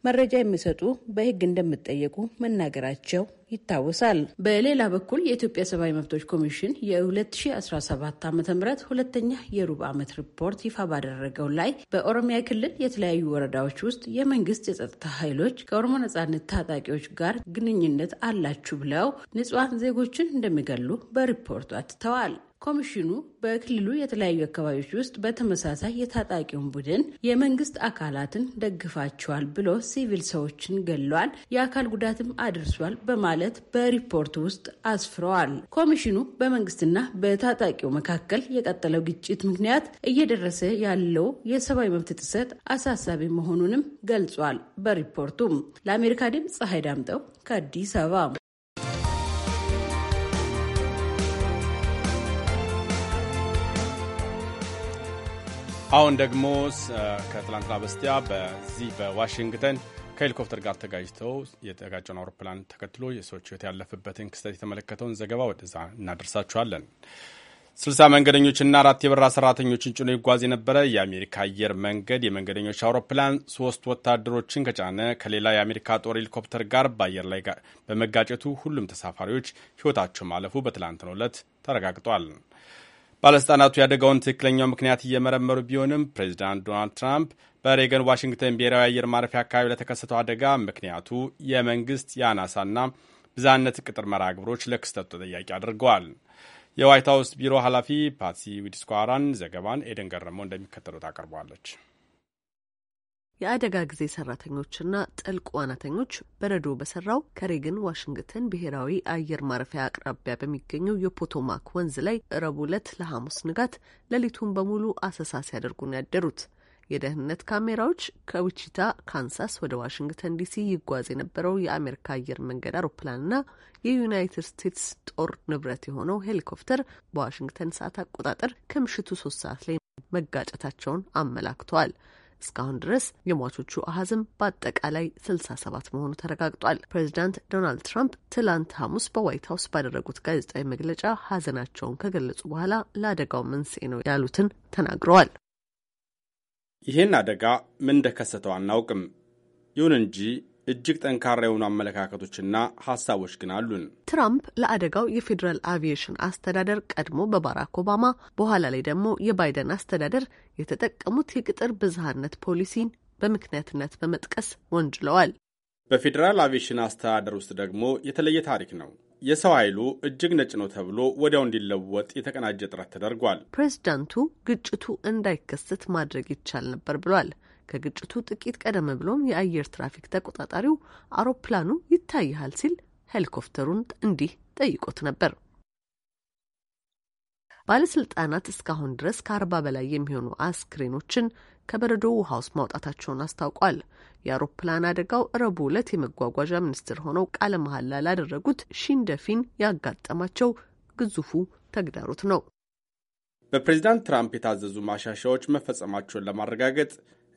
መረጃ የሚሰጡ በሕግ እንደሚጠየቁ መናገራቸው ይታወሳል። በሌላ በኩል የኢትዮጵያ ሰብአዊ መብቶች ኮሚሽን የ2017 ዓ ም ሁለተኛ የሩብ ዓመት ሪፖርት ይፋ ባደረገው ላይ በኦሮሚያ ክልል የተለያዩ ወረዳዎች ውስጥ የመንግስት የጸጥታ ኃይሎች ከኦሮሞ ነጻነት ታጣቂዎች ጋር ግንኙነት አላችሁ ብለው ንጹሐን ዜጎችን እንደሚገሉ በሪፖርቱ አትተዋል። ኮሚሽኑ በክልሉ የተለያዩ አካባቢዎች ውስጥ በተመሳሳይ የታጣቂውን ቡድን የመንግስት አካላትን ደግፋቸዋል ብሎ ሲቪል ሰዎችን ገሏል። የአካል ጉዳትም አድርሷል በማለት በሪፖርት ውስጥ አስፍረዋል። ኮሚሽኑ በመንግስትና በታጣቂው መካከል የቀጠለው ግጭት ምክንያት እየደረሰ ያለው የሰብአዊ መብት ጥሰት አሳሳቢ መሆኑንም ገልጿል። በሪፖርቱም ለአሜሪካ ድምፅ ፀሐይ ዳምጠው ከአዲስ አበባ አሁን ደግሞ ከትላንትና በስቲያ በዚህ በዋሽንግተን ከሄሊኮፕተር ጋር ተጋጅተው የተጋጨውን አውሮፕላን ተከትሎ የሰዎች ሕይወት ያለፈበትን ክስተት የተመለከተውን ዘገባ ወደዛ እናደርሳችኋለን። ስልሳ መንገደኞችና አራት የበረራ ሰራተኞችን ጭኖ ይጓዝ የነበረ የአሜሪካ አየር መንገድ የመንገደኞች አውሮፕላን ሶስት ወታደሮችን ከጫነ ከሌላ የአሜሪካ ጦር ሄሊኮፕተር ጋር በአየር ላይ በመጋጨቱ ሁሉም ተሳፋሪዎች ሕይወታቸው ማለፉ በትላንትናው ዕለት ተረጋግጧል። ባለሥልጣናቱ የአደጋውን ትክክለኛው ምክንያት እየመረመሩ ቢሆንም ፕሬዚዳንት ዶናልድ ትራምፕ በሬገን ዋሽንግተን ብሔራዊ አየር ማረፊያ አካባቢ ለተከሰተው አደጋ ምክንያቱ የመንግሥት የአናሳና ብዛነት ቅጥር መርሃ ግብሮች ለክስተቱ ተጠያቂ አድርገዋል። የዋይት ሀውስ ቢሮ ኃላፊ ፓትሲ ዊድስኳራን ዘገባን ኤደን ገረመው እንደሚከተሉት አቀርበዋለች። የአደጋ ጊዜ ሰራተኞችና ጥልቅ ዋናተኞች በረዶ በሰራው ከሬገን ዋሽንግተን ብሔራዊ አየር ማረፊያ አቅራቢያ በሚገኘው የፖቶማክ ወንዝ ላይ ረቡዕ ዕለት ለሐሙስ ንጋት ሌሊቱን በሙሉ አሰሳ ሲያደርጉ ነው ያደሩት። የደህንነት ካሜራዎች ከዊቺታ ካንሳስ ወደ ዋሽንግተን ዲሲ ይጓዝ የነበረው የአሜሪካ አየር መንገድ አውሮፕላንና የዩናይትድ ስቴትስ ጦር ንብረት የሆነው ሄሊኮፕተር በዋሽንግተን ሰዓት አቆጣጠር ከምሽቱ ሶስት ሰዓት ላይ መጋጨታቸውን አመላክተዋል። እስካሁን ድረስ የሟቾቹ አሀዝም በአጠቃላይ 67 መሆኑ ተረጋግጧል። ፕሬዚዳንት ዶናልድ ትራምፕ ትላንት ሐሙስ በዋይት ሀውስ ባደረጉት ጋዜጣዊ መግለጫ ሀዘናቸውን ከገለጹ በኋላ ለአደጋው መንስኤ ነው ያሉትን ተናግረዋል። ይህን አደጋ ምን እንደከሰተው አናውቅም። ይሁን እንጂ እጅግ ጠንካራ የሆኑ አመለካከቶችና ሀሳቦች ግን አሉን። ትራምፕ ለአደጋው የፌዴራል አቪዬሽን አስተዳደር ቀድሞ በባራክ ኦባማ በኋላ ላይ ደግሞ የባይደን አስተዳደር የተጠቀሙት የቅጥር ብዝሃነት ፖሊሲን በምክንያትነት በመጥቀስ ወንጅለዋል። በፌዴራል አቪዬሽን አስተዳደር ውስጥ ደግሞ የተለየ ታሪክ ነው። የሰው ኃይሉ እጅግ ነጭ ነው ተብሎ ወዲያው እንዲለወጥ የተቀናጀ ጥረት ተደርጓል። ፕሬዚዳንቱ ግጭቱ እንዳይከሰት ማድረግ ይቻል ነበር ብሏል። ከግጭቱ ጥቂት ቀደም ብሎም የአየር ትራፊክ ተቆጣጣሪው አውሮፕላኑ ይታይሃል ሲል ሄሊኮፕተሩን እንዲህ ጠይቆት ነበር። ባለስልጣናት እስካሁን ድረስ ከአርባ በላይ የሚሆኑ አስክሬኖችን ከበረዶ ውሃ ውስጥ ማውጣታቸውን አስታውቋል። የአውሮፕላን አደጋው ረቡዕ ዕለት የመጓጓዣ ሚኒስትር ሆነው ቃለ መሐላ ላደረጉት ሺንደፊን ያጋጠማቸው ግዙፉ ተግዳሮት ነው። በፕሬዚዳንት ትራምፕ የታዘዙ ማሻሻዎች መፈጸማቸውን ለማረጋገጥ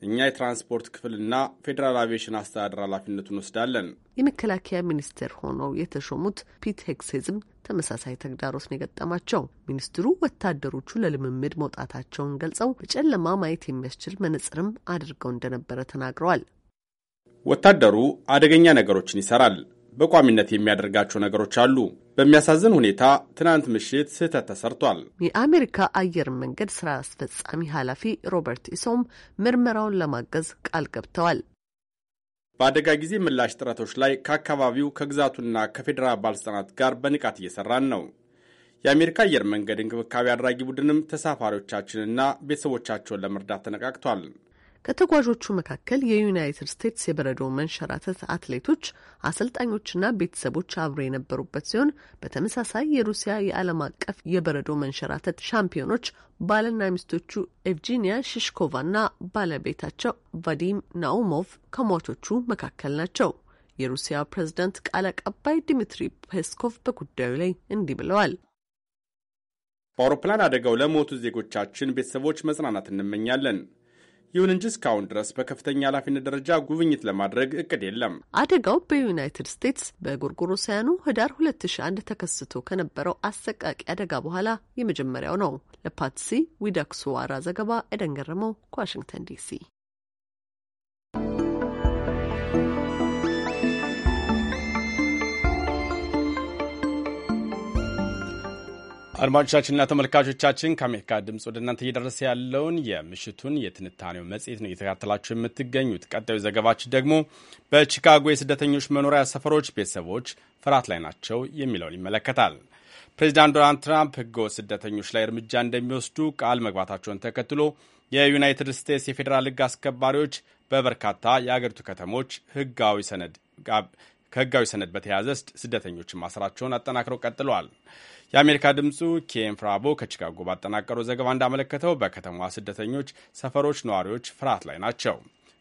እኛ የትራንስፖርት ክፍልና ፌዴራል አቪዬሽን አስተዳደር ኃላፊነቱን ወስዳለን። የመከላከያ ሚኒስቴር ሆነው የተሾሙት ፒት ሄግሴዝም ተመሳሳይ ተግዳሮት ነው የገጠማቸው። ሚኒስትሩ ወታደሮቹ ለልምምድ መውጣታቸውን ገልጸው በጨለማ ማየት የሚያስችል መነጽርም አድርገው እንደነበረ ተናግረዋል። ወታደሩ አደገኛ ነገሮችን ይሰራል። በቋሚነት የሚያደርጋቸው ነገሮች አሉ። በሚያሳዝን ሁኔታ ትናንት ምሽት ስህተት ተሰርቷል። የአሜሪካ አየር መንገድ ስራ አስፈጻሚ ኃላፊ ሮበርት ኢሶም ምርመራውን ለማገዝ ቃል ገብተዋል። በአደጋ ጊዜ ምላሽ ጥረቶች ላይ ከአካባቢው ከግዛቱና ከፌዴራል ባለስልጣናት ጋር በንቃት እየሰራን ነው። የአሜሪካ አየር መንገድ እንክብካቤ አድራጊ ቡድንም ተሳፋሪዎቻችንና ቤተሰቦቻቸውን ለመርዳት ተነቃቅቷል። ከተጓዦቹ መካከል የዩናይትድ ስቴትስ የበረዶ መንሸራተት አትሌቶች፣ አሰልጣኞችና ቤተሰቦች አብረው የነበሩበት ሲሆን በተመሳሳይ የሩሲያ የዓለም አቀፍ የበረዶ መንሸራተት ሻምፒዮኖች ባልና ሚስቶቹ ኤቭጂኒያ ሽሽኮቫና ባለቤታቸው ቫዲም ናኡሞቭ ከሟቾቹ መካከል ናቸው። የሩሲያ ፕሬዝዳንት ቃል አቀባይ ዲሚትሪ ፔስኮቭ በጉዳዩ ላይ እንዲህ ብለዋል። በአውሮፕላን አደጋው ለሞቱ ዜጎቻችን ቤተሰቦች መጽናናት እንመኛለን። ይሁን እንጂ እስካሁን ድረስ በከፍተኛ ኃላፊነት ደረጃ ጉብኝት ለማድረግ እቅድ የለም። አደጋው በዩናይትድ ስቴትስ በጎርጎሮሳውያኑ ህዳር 2001 ተከስቶ ከነበረው አሰቃቂ አደጋ በኋላ የመጀመሪያው ነው። ለፓትሲ ዊዳኩስዋራ ዘገባ ኤደን ገረመው ከዋሽንግተን ዲሲ አድማጮቻችንና ተመልካቾቻችን ከአሜሪካ ድምፅ ወደ እናንተ እየደረሰ ያለውን የምሽቱን የትንታኔው መጽሔት ነው እየተከታተላችሁ የምትገኙት። ቀጣዩ ዘገባችን ደግሞ በቺካጎ የስደተኞች መኖሪያ ሰፈሮች ቤተሰቦች ፍርሃት ላይ ናቸው የሚለውን ይመለከታል። ፕሬዚዳንት ዶናልድ ትራምፕ ህገወጥ ስደተኞች ላይ እርምጃ እንደሚወስዱ ቃል መግባታቸውን ተከትሎ የዩናይትድ ስቴትስ የፌዴራል ህግ አስከባሪዎች በበርካታ የአገሪቱ ከተሞች ህጋዊ ሰነድ ከህጋዊ ሰነድ በተያያዘ ስደተኞችን ማሰራቸውን አጠናክረው ቀጥለዋል። የአሜሪካ ድምፁ ኬን ፍራቦ ከቺካጎ ባጠናቀረው ዘገባ እንዳመለከተው በከተማዋ ስደተኞች ሰፈሮች ነዋሪዎች ፍርሃት ላይ ናቸው።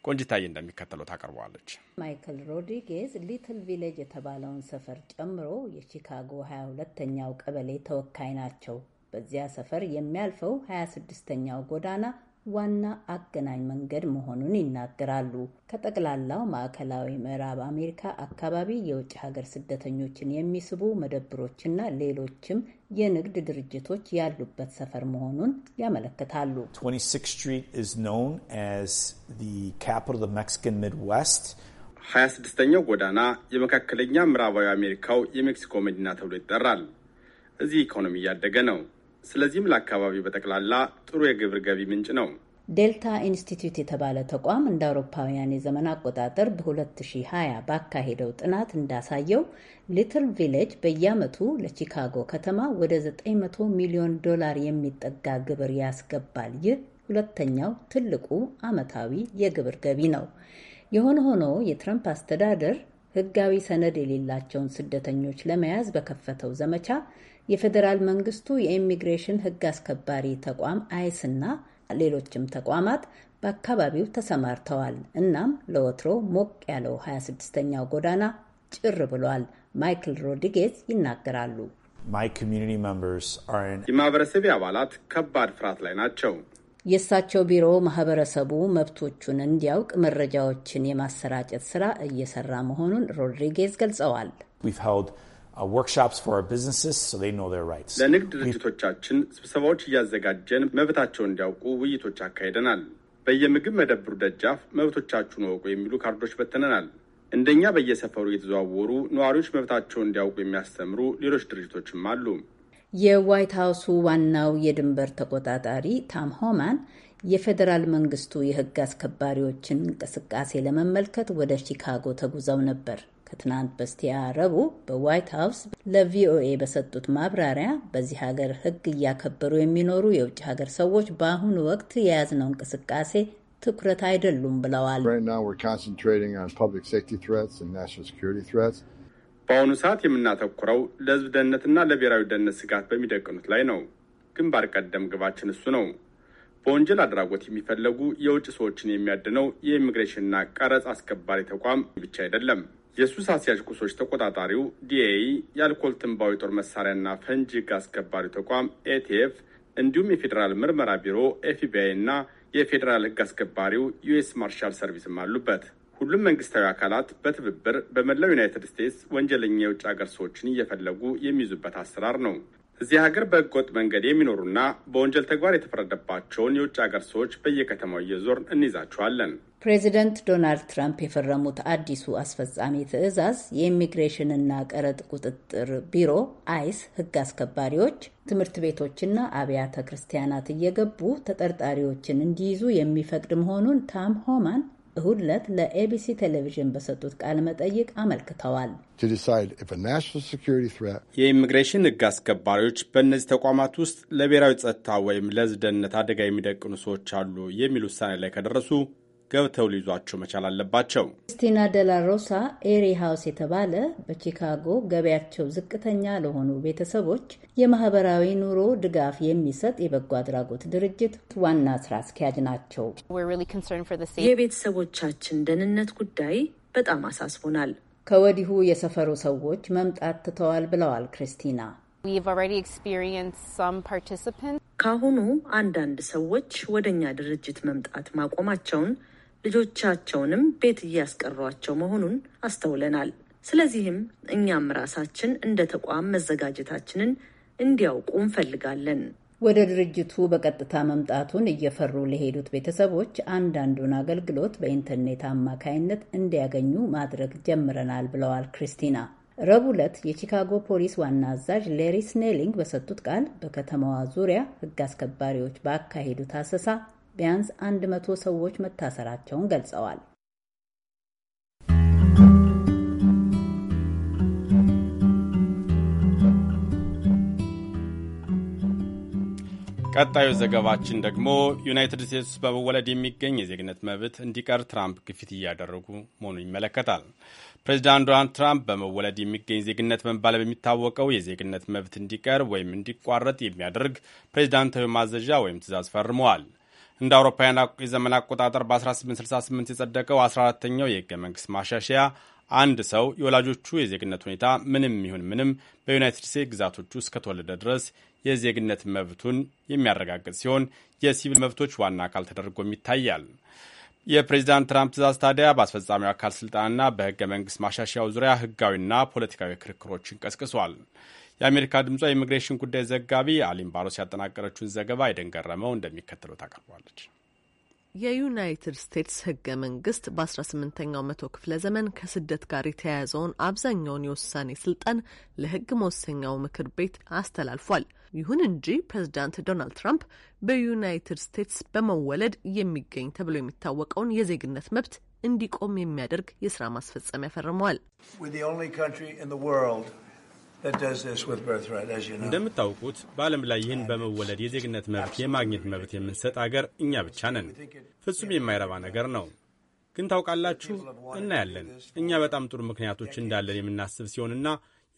ቆንጅታዬ እንደሚከተለው ታቀርበዋለች። ማይክል ሮድሪጌዝ ሊትል ቪሌጅ የተባለውን ሰፈር ጨምሮ የቺካጎ 22 ተኛው ቀበሌ ተወካይ ናቸው። በዚያ ሰፈር የሚያልፈው 26 ተኛው ጎዳና ዋና አገናኝ መንገድ መሆኑን ይናገራሉ። ከጠቅላላው ማዕከላዊ ምዕራብ አሜሪካ አካባቢ የውጭ ሀገር ስደተኞችን የሚስቡ መደብሮችና ሌሎችም የንግድ ድርጅቶች ያሉበት ሰፈር መሆኑን ያመለክታሉ። 26ኛው ጎዳና የመካከለኛ ምዕራባዊ አሜሪካው የሜክሲኮ መዲና ተብሎ ይጠራል። እዚህ ኢኮኖሚ እያደገ ነው። ስለዚህም ለአካባቢ በጠቅላላ ጥሩ የግብር ገቢ ምንጭ ነው። ዴልታ ኢንስቲትዩት የተባለ ተቋም እንደ አውሮፓውያን የዘመን አቆጣጠር በ2020 ባካሄደው ጥናት እንዳሳየው ሊትል ቪሌጅ በየዓመቱ ለቺካጎ ከተማ ወደ 900 ሚሊዮን ዶላር የሚጠጋ ግብር ያስገባል። ይህ ሁለተኛው ትልቁ ዓመታዊ የግብር ገቢ ነው። የሆነ ሆኖ የትረምፕ አስተዳደር ሕጋዊ ሰነድ የሌላቸውን ስደተኞች ለመያዝ በከፈተው ዘመቻ የፌዴራል መንግስቱ የኢሚግሬሽን ህግ አስከባሪ ተቋም አይስና ሌሎችም ተቋማት በአካባቢው ተሰማርተዋል። እናም ለወትሮ ሞቅ ያለው 26ኛው ጎዳና ጭር ብሏል። ማይክል ሮድሪጌዝ ይናገራሉ። የማህበረሰብ አባላት ከባድ ፍርሃት ላይ ናቸው። የእሳቸው ቢሮ ማህበረሰቡ መብቶቹን እንዲያውቅ መረጃዎችን የማሰራጨት ስራ እየሰራ መሆኑን ሮድሪጌዝ ገልጸዋል። Uh, ለንግድ ድርጅቶቻችን ስብሰባዎች እያዘጋጀን መብታቸውን እንዲያውቁ ውይይቶች አካሂደናል። በየምግብ መደብሩ ደጃፍ መብቶቻችሁን ወቁ የሚሉ ካርዶች በትነናል። እንደኛ በየሰፈሩ እየተዘዋወሩ ነዋሪዎች መብታቸውን እንዲያውቁ የሚያስተምሩ ሌሎች ድርጅቶችም አሉ። የዋይት ሀውሱ ዋናው የድንበር ተቆጣጣሪ ታም ሆማን የፌዴራል መንግስቱ የህግ አስከባሪዎችን እንቅስቃሴ ለመመልከት ወደ ቺካጎ ተጉዘው ነበር። ከትናንት በስቲያ ረቡዕ በዋይት ሀውስ ለቪኦኤ በሰጡት ማብራሪያ በዚህ ሀገር ሕግ እያከበሩ የሚኖሩ የውጭ ሀገር ሰዎች በአሁኑ ወቅት የያዝነው እንቅስቃሴ ትኩረት አይደሉም ብለዋል። በአሁኑ ሰዓት የምናተኩረው ለሕዝብ ደህንነትና ለብሔራዊ ደህንነት ስጋት በሚደቅኑት ላይ ነው። ግንባር ቀደም ግባችን እሱ ነው። በወንጀል አድራጎት የሚፈለጉ የውጭ ሰዎችን የሚያድነው የኢሚግሬሽንና ቀረጽ አስከባሪ ተቋም ብቻ አይደለም። የሱስ አስያዥ ቁሶች ተቆጣጣሪው ዲኤኢ የአልኮል ትንባዊ ጦር መሳሪያና ፈንጂ ህግ አስከባሪ ተቋም ኤቲኤፍ እንዲሁም የፌዴራል ምርመራ ቢሮ ኤፍቢአይ እና የፌዴራል ህግ አስከባሪው ዩኤስ ማርሻል ሰርቪስም አሉበት። ሁሉም መንግስታዊ አካላት በትብብር በመላው ዩናይትድ ስቴትስ ወንጀለኛ የውጭ ሀገር ሰዎችን እየፈለጉ የሚይዙበት አሰራር ነው። እዚህ ሀገር በህገወጥ መንገድ የሚኖሩና በወንጀል ተግባር የተፈረደባቸውን የውጭ ሀገር ሰዎች በየከተማው እየዞርን እንይዛቸዋለን። ፕሬዚደንት ዶናልድ ትራምፕ የፈረሙት አዲሱ አስፈጻሚ ትዕዛዝ የኢሚግሬሽንና ቀረጥ ቁጥጥር ቢሮ አይስ ሕግ አስከባሪዎች ትምህርት ቤቶችና አብያተ ክርስቲያናት እየገቡ ተጠርጣሪዎችን እንዲይዙ የሚፈቅድ መሆኑን ታም ሆማን እሁድ ዕለት ለኤቢሲ ቴሌቪዥን በሰጡት ቃለ መጠይቅ አመልክተዋል። የኢሚግሬሽን ሕግ አስከባሪዎች በእነዚህ ተቋማት ውስጥ ለብሔራዊ ጸጥታ ወይም ለሕዝብ ደህንነት አደጋ የሚደቅኑ ሰዎች አሉ የሚል ውሳኔ ላይ ከደረሱ ገብተው ሊይዟቸው መቻል አለባቸው። ክርስቲና ደላሮሳ ኤሪ ሃውስ የተባለ በቺካጎ ገበያቸው ዝቅተኛ ለሆኑ ቤተሰቦች የማህበራዊ ኑሮ ድጋፍ የሚሰጥ የበጎ አድራጎት ድርጅት ዋና ስራ አስኪያጅ ናቸው። የቤተሰቦቻችን ደህንነት ጉዳይ በጣም አሳስቦናል። ከወዲሁ የሰፈሩ ሰዎች መምጣት ትተዋል ብለዋል ክርስቲና። ካሁኑ አንዳንድ ሰዎች ወደኛ ድርጅት መምጣት ማቆማቸውን ልጆቻቸውንም ቤት እያስቀሯቸው መሆኑን አስተውለናል። ስለዚህም እኛም ራሳችን እንደ ተቋም መዘጋጀታችንን እንዲያውቁ እንፈልጋለን። ወደ ድርጅቱ በቀጥታ መምጣቱን እየፈሩ ለሄዱት ቤተሰቦች አንዳንዱን አገልግሎት በኢንተርኔት አማካይነት እንዲያገኙ ማድረግ ጀምረናል ብለዋል ክሪስቲና። ረቡዕ ዕለት የቺካጎ ፖሊስ ዋና አዛዥ ሌሪ ስኔሊንግ በሰጡት ቃል በከተማዋ ዙሪያ ሕግ አስከባሪዎች ባካሄዱት አሰሳ ቢያንስ 100 ሰዎች መታሰራቸውን ገልጸዋል። ቀጣዩ ዘገባችን ደግሞ ዩናይትድ ስቴትስ በመወለድ የሚገኝ የዜግነት መብት እንዲቀር ትራምፕ ግፊት እያደረጉ መሆኑን ይመለከታል። ፕሬዚዳንት ዶናልድ ትራምፕ በመወለድ የሚገኝ ዜግነት በመባል በሚታወቀው የዜግነት መብት እንዲቀር ወይም እንዲቋረጥ የሚያደርግ ፕሬዚዳንታዊ ማዘዣ ወይም ትእዛዝ ፈርመዋል። እንደ አውሮፓውያን የዘመን አቆጣጠር በ1868 የጸደቀው 14ተኛው የህገ መንግስት ማሻሻያ አንድ ሰው የወላጆቹ የዜግነት ሁኔታ ምንም ይሁን ምንም በዩናይትድ ስቴትስ ግዛቶች ውስጥ ከተወለደ ድረስ የዜግነት መብቱን የሚያረጋግጥ ሲሆን የሲቪል መብቶች ዋና አካል ተደርጎም ይታያል። የፕሬዚዳንት ትራምፕ ትእዛዝ ታዲያ በአስፈጻሚው አካል ስልጣንና በህገ መንግስት ማሻሻያው ዙሪያ ህጋዊና ፖለቲካዊ ክርክሮችን ቀስቅሷል። የአሜሪካ ድምጿ የኢሚግሬሽን ጉዳይ ዘጋቢ አሊም ባሮስ ያጠናቀረችውን ዘገባ አይደንገረመው እንደሚከተለው ታቀርቧለች። የዩናይትድ ስቴትስ ህገ መንግስት በ18ኛው መቶ ክፍለ ዘመን ከስደት ጋር የተያያዘውን አብዛኛውን የውሳኔ ስልጣን ለህግ መወሰኛው ምክር ቤት አስተላልፏል። ይሁን እንጂ ፕሬዚዳንት ዶናልድ ትራምፕ በዩናይትድ ስቴትስ በመወለድ የሚገኝ ተብሎ የሚታወቀውን የዜግነት መብት እንዲቆም የሚያደርግ የስራ ማስፈጸሚያ ፈርመዋል። እንደምታውቁት በዓለም ላይ ይህን በመወለድ የዜግነት መብት የማግኘት መብት የምንሰጥ አገር እኛ ብቻ ነን። ፍጹም የማይረባ ነገር ነው። ግን ታውቃላችሁ፣ እናያለን። እኛ በጣም ጥሩ ምክንያቶች እንዳለን የምናስብ ሲሆንና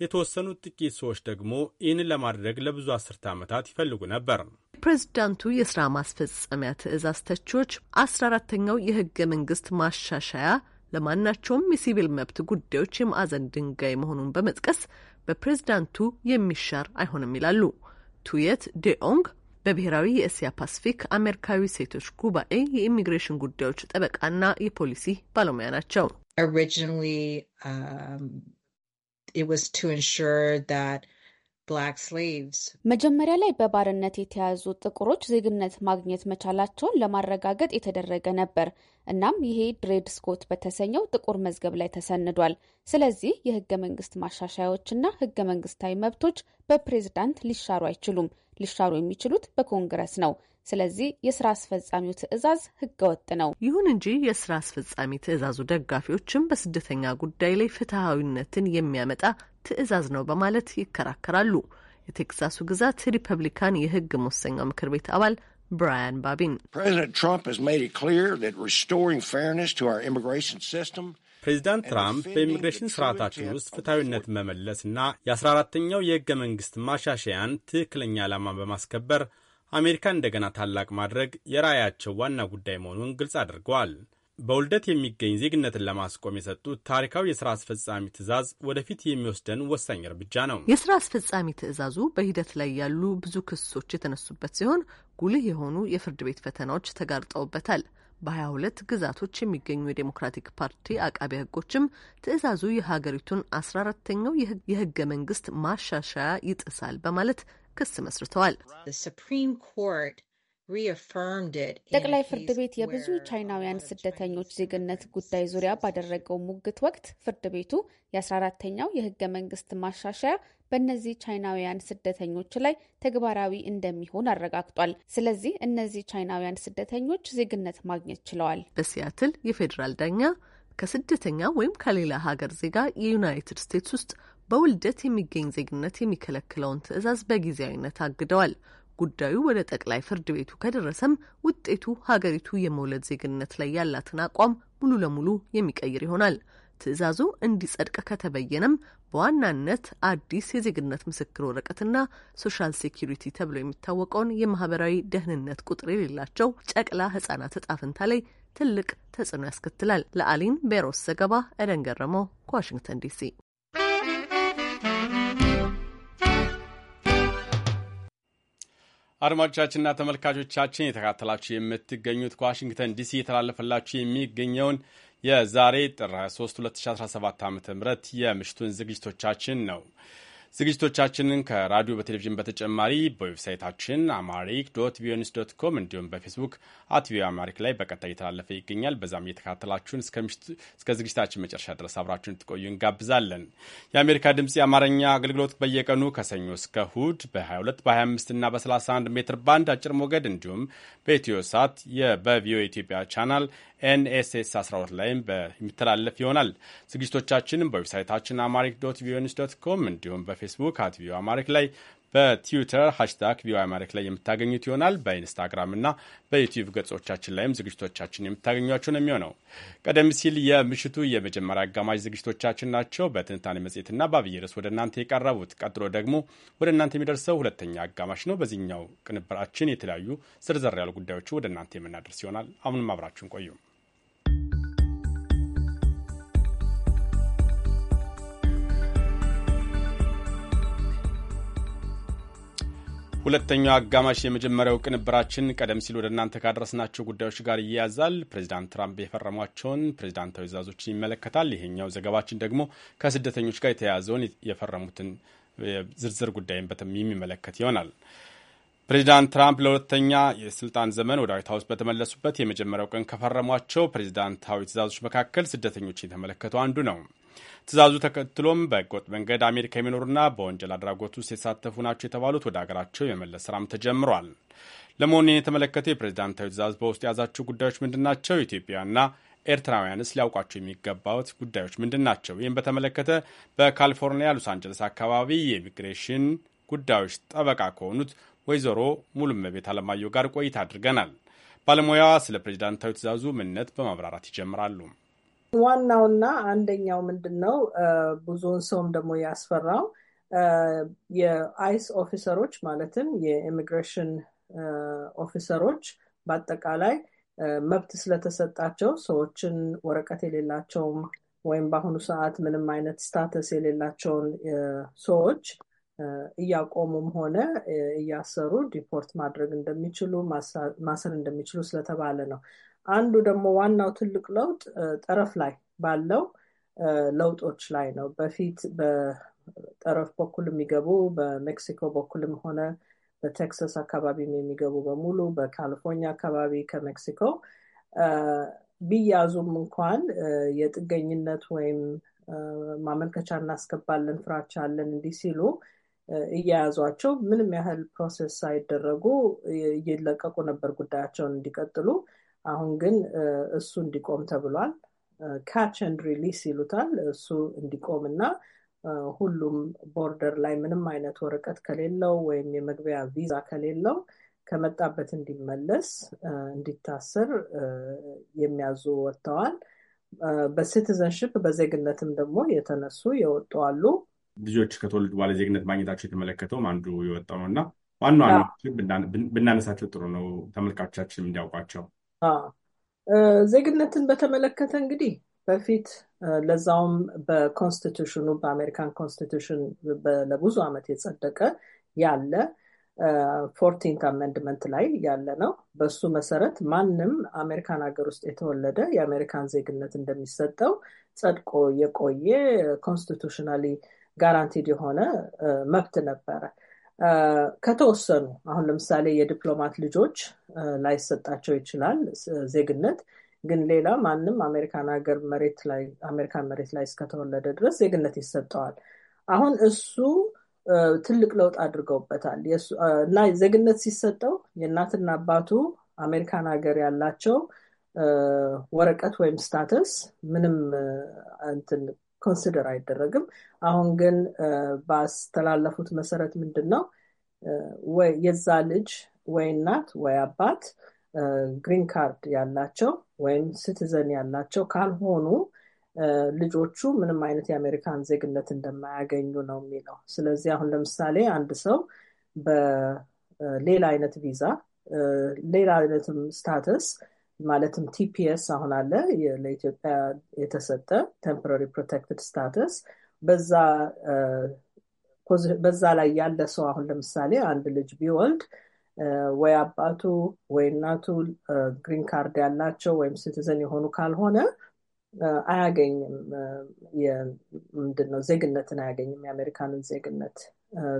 የተወሰኑት ጥቂት ሰዎች ደግሞ ይህንን ለማድረግ ለብዙ አስርተ ዓመታት ይፈልጉ ነበር። ፕሬዚዳንቱ የሥራ ማስፈጸሚያ ትእዛዝ ተቺዎች አስራ አራተኛው የህገ መንግሥት ማሻሻያ ለማናቸውም የሲቪል መብት ጉዳዮች የማዕዘን ድንጋይ መሆኑን በመጥቀስ በፕሬዝዳንቱ የሚሻር አይሆንም ይላሉ። ቱየት ዴኦንግ በብሔራዊ የእስያ ፓስፊክ አሜሪካዊ ሴቶች ጉባኤ የኢሚግሬሽን ጉዳዮች ጠበቃና የፖሊሲ ባለሙያ ናቸው። Originally, um, መጀመሪያ ላይ በባርነት የተያዙ ጥቁሮች ዜግነት ማግኘት መቻላቸውን ለማረጋገጥ የተደረገ ነበር። እናም ይሄ ድሬድ ስኮት በተሰኘው ጥቁር መዝገብ ላይ ተሰንዷል። ስለዚህ የህገ መንግስት ማሻሻያዎችና ህገ መንግስታዊ መብቶች በፕሬዝዳንት ሊሻሩ አይችሉም። ሊሻሩ የሚችሉት በኮንግረስ ነው። ስለዚህ የስራ አስፈጻሚው ትዕዛዝ ህገወጥ ነው። ይሁን እንጂ የስራ አስፈጻሚ ትዕዛዙ ደጋፊዎችም በስደተኛ ጉዳይ ላይ ፍትሐዊነትን የሚያመጣ ትዕዛዝ ነው በማለት ይከራከራሉ። የቴክሳሱ ግዛት ሪፐብሊካን የህግ መወሰኛው ምክር ቤት አባል ብራያን ባቢን ፕሬዚዳንት ትራምፕ በኢሚግሬሽን ስርዓታችን ውስጥ መመለስ መመለስና የ14ተኛው የህገ መንግሥት ማሻሻያን ትክክለኛ ዓላማን በማስከበር አሜሪካን እንደገና ታላቅ ማድረግ የራዕያቸው ዋና ጉዳይ መሆኑን ግልጽ አድርገዋል። በውልደት የሚገኝ ዜግነትን ለማስቆም የሰጡት ታሪካዊ የስራ አስፈጻሚ ትዕዛዝ ወደፊት የሚወስደን ወሳኝ እርምጃ ነው። የስራ አስፈጻሚ ትዕዛዙ በሂደት ላይ ያሉ ብዙ ክሶች የተነሱበት ሲሆን ጉልህ የሆኑ የፍርድ ቤት ፈተናዎች ተጋርጠውበታል። በሀያ ሁለት ግዛቶች የሚገኙ የዴሞክራቲክ ፓርቲ አቃቢ ህጎችም ትዕዛዙ የሀገሪቱን አስራ አራተኛው የህገ መንግስት ማሻሻያ ይጥሳል በማለት ክስ መስርተዋል። ጠቅላይ ፍርድ ቤት የብዙ ቻይናውያን ስደተኞች ዜግነት ጉዳይ ዙሪያ ባደረገው ሙግት ወቅት ፍርድ ቤቱ የ14ተኛው የህገ መንግስት ማሻሻያ በእነዚህ ቻይናውያን ስደተኞች ላይ ተግባራዊ እንደሚሆን አረጋግጧል። ስለዚህ እነዚህ ቻይናውያን ስደተኞች ዜግነት ማግኘት ችለዋል። በሲያትል የፌዴራል ዳኛ ከስደተኛ ወይም ከሌላ ሀገር ዜጋ የዩናይትድ ስቴትስ ውስጥ በውልደት የሚገኝ ዜግነት የሚከለክለውን ትዕዛዝ በጊዜያዊነት አግደዋል። ጉዳዩ ወደ ጠቅላይ ፍርድ ቤቱ ከደረሰም ውጤቱ ሀገሪቱ የመውለድ ዜግነት ላይ ያላትን አቋም ሙሉ ለሙሉ የሚቀይር ይሆናል። ትዕዛዙ እንዲጸድቅ ከተበየነም በዋናነት አዲስ የዜግነት ምስክር ወረቀትና ሶሻል ሴኪሪቲ ተብሎ የሚታወቀውን የማህበራዊ ደህንነት ቁጥር የሌላቸው ጨቅላ ህጻናት እጣ ፈንታ ላይ ትልቅ ተጽዕኖ ያስከትላል። ለአሊን ቤሮስ ዘገባ ኤደን ገረመው ከዋሽንግተን ዲሲ አድማጮቻችንና ተመልካቾቻችን የተካተላችሁ የምትገኙት ከዋሽንግተን ዲሲ የተላለፈላችሁ የሚገኘውን የዛሬ ጥር 3 2017 ዓ ም የምሽቱን ዝግጅቶቻችን ነው። ዝግጅቶቻችንን ከራዲዮ በቴሌቪዥን በተጨማሪ በዌብሳይታችን አማሪክ ዶት ቪኦኤ ዶት ኮም እንዲሁም በፌስቡክ አት ቪኦኤ አማሪክ ላይ በቀጥታ እየተላለፈ ይገኛል። በዛም እየተከታተላችሁን እስከ ዝግጅታችን መጨረሻ ድረስ አብራችሁን ትቆዩ እንጋብዛለን። የአሜሪካ ድምፅ የአማርኛ አገልግሎት በየቀኑ ከሰኞ እስከ እሁድ በ22 በ25 እና በ31 ሜትር ባንድ አጭር ሞገድ እንዲሁም በኢትዮ ሳት በቪኦኤ ኢትዮጵያ ቻናል ኤንኤስኤስ 12 ላይም የሚተላለፍ ይሆናል። ዝግጅቶቻችንም በዌብሳይታችን አማሪክ ዶት ቪኦኤ ዶት ኮም እንዲሁም በፌስቡክ አት ቪኦኤ አማሪክ ላይ በትዊተር ሃሽታግ ቪኦኤ አማሪክ ላይ የምታገኙት ይሆናል። በኢንስታግራምና በዩቲዩብ ገጾቻችን ላይም ዝግጅቶቻችን የምታገኟቸውን የሚሆነው ቀደም ሲል የምሽቱ የመጀመሪያ አጋማሽ ዝግጅቶቻችን ናቸው። በትንታኔ መጽሔትና በአብይ ርዕስ ወደ እናንተ የቀረቡት። ቀጥሎ ደግሞ ወደ እናንተ የሚደርሰው ሁለተኛ አጋማሽ ነው። በዚህኛው ቅንብራችን የተለያዩ ዝርዝር ያሉ ጉዳዮች ወደ እናንተ የምናደርስ ይሆናል። አሁንም አብራችሁን ቆዩ። ሁለተኛው አጋማሽ የመጀመሪያው ቅንብራችን ቀደም ሲል ወደ እናንተ ካደረስናቸው ጉዳዮች ጋር ይያያዛል። ፕሬዚዳንት ትራምፕ የፈረሟቸውን ፕሬዚዳንታዊ ዛዞችን ይመለከታል። ይሄኛው ዘገባችን ደግሞ ከስደተኞች ጋር የተያያዘውን የፈረሙትን ዝርዝር ጉዳይን በተም የሚመለከት ይሆናል። ፕሬዚዳንት ትራምፕ ለሁለተኛ የስልጣን ዘመን ወደ ዋይት ሀውስ በተመለሱበት የመጀመሪያው ቀን ከፈረሟቸው ፕሬዚዳንታዊ ትእዛዞች መካከል ስደተኞችን የተመለከቱ አንዱ ነው። ትእዛዙ ተከትሎም በህገወጥ መንገድ አሜሪካ የሚኖሩና በወንጀል አድራጎት ውስጥ የተሳተፉ ናቸው የተባሉት ወደ አገራቸው የመለስ ስራም ተጀምሯል። ለመሆኑ የተመለከተው የፕሬዚዳንታዊ ትእዛዝ በውስጡ የያዛቸው ጉዳዮች ምንድን ናቸው? ኢትዮጵያና ኤርትራውያንስ ሊያውቋቸው የሚገባውት ጉዳዮች ምንድን ናቸው? ይህም በተመለከተ በካሊፎርኒያ ሎስ አንጀለስ አካባቢ የኢሚግሬሽን ጉዳዮች ጠበቃ ከሆኑት ወይዘሮ ሙሉመቤት አለማየሁ ጋር ቆይታ አድርገናል። ባለሙያዋ ስለ ፕሬዚዳንታዊ ትእዛዙ ምንነት በማብራራት ይጀምራሉ። ዋናውና አንደኛው ምንድን ነው? ብዙውን ሰውም ደግሞ ያስፈራው የአይስ ኦፊሰሮች ማለትም የኢሚግሬሽን ኦፊሰሮች በአጠቃላይ መብት ስለተሰጣቸው ሰዎችን ወረቀት የሌላቸውም ወይም በአሁኑ ሰዓት ምንም አይነት ስታተስ የሌላቸውን ሰዎች እያቆሙም ሆነ እያሰሩ ዲፖርት ማድረግ እንደሚችሉ ማሰር እንደሚችሉ ስለተባለ ነው። አንዱ ደግሞ ዋናው ትልቅ ለውጥ ጠረፍ ላይ ባለው ለውጦች ላይ ነው። በፊት በጠረፍ በኩል የሚገቡ በሜክሲኮ በኩልም ሆነ በቴክሳስ አካባቢ የሚገቡ በሙሉ በካሊፎርኒያ አካባቢ ከሜክሲኮ ቢያዙም እንኳን የጥገኝነት ወይም ማመልከቻ እናስገባለን፣ ፍራቻ አለን እንዲህ ሲሉ እየያዟቸው ምንም ያህል ፕሮሴስ ሳይደረጉ እየለቀቁ ነበር ጉዳያቸውን እንዲቀጥሉ። አሁን ግን እሱ እንዲቆም ተብሏል። ካች ኤንድ ሪሊስ ይሉታል። እሱ እንዲቆም እና ሁሉም ቦርደር ላይ ምንም አይነት ወረቀት ከሌለው ወይም የመግቢያ ቪዛ ከሌለው ከመጣበት እንዲመለስ እንዲታሰር የሚያዙ ወጥተዋል። በሲቲዘንሽፕ በዜግነትም ደግሞ የተነሱ የወጡ አሉ። ልጆች ከተወለዱ በኋላ ዜግነት ማግኘታቸው የተመለከተውም አንዱ የወጣው ነው እና ዋና ዋና ብናነሳቸው ጥሩ ነው፣ ተመልካቾቻችን እንዲያውቋቸው። ዜግነትን በተመለከተ እንግዲህ በፊት ለዛውም በኮንስቲቱሽኑ በአሜሪካን ኮንስቲቱሽን ለብዙ ዓመት የጸደቀ ያለ ፎርቲንት አሜንድመንት ላይ ያለ ነው። በሱ መሰረት ማንም አሜሪካን ሀገር ውስጥ የተወለደ የአሜሪካን ዜግነት እንደሚሰጠው ጸድቆ የቆየ ኮንስቲቱሽናሊ ጋራንቲድ የሆነ መብት ነበረ። ከተወሰኑ አሁን ለምሳሌ የዲፕሎማት ልጆች ላይሰጣቸው ይችላል ዜግነት። ግን ሌላ ማንም አሜሪካን ሀገር መሬት ላይ አሜሪካን መሬት ላይ እስከተወለደ ድረስ ዜግነት ይሰጠዋል። አሁን እሱ ትልቅ ለውጥ አድርገውበታል እና ዜግነት ሲሰጠው የእናትና አባቱ አሜሪካን ሀገር ያላቸው ወረቀት ወይም ስታተስ ምንም እንትን ኮንሲደር አይደረግም። አሁን ግን ባስተላለፉት መሰረት ምንድን ነው የዛ ልጅ ወይ እናት ወይ አባት ግሪን ካርድ ያላቸው ወይም ሲቲዘን ያላቸው ካልሆኑ ልጆቹ ምንም አይነት የአሜሪካን ዜግነት እንደማያገኙ ነው የሚለው። ስለዚህ አሁን ለምሳሌ አንድ ሰው በሌላ አይነት ቪዛ ሌላ አይነትም ስታተስ ማለትም ቲፒኤስ አሁን አለ ለኢትዮጵያ የተሰጠ ቴምፖራሪ ፕሮቴክትድ ስታተስ። በዛ ላይ ያለ ሰው አሁን ለምሳሌ አንድ ልጅ ቢወልድ ወይ አባቱ ወይ እናቱ ግሪን ካርድ ያላቸው ወይም ሲቲዘን የሆኑ ካልሆነ አያገኝም። ምንድነው ዜግነትን አያገኝም፣ የአሜሪካንን ዜግነት።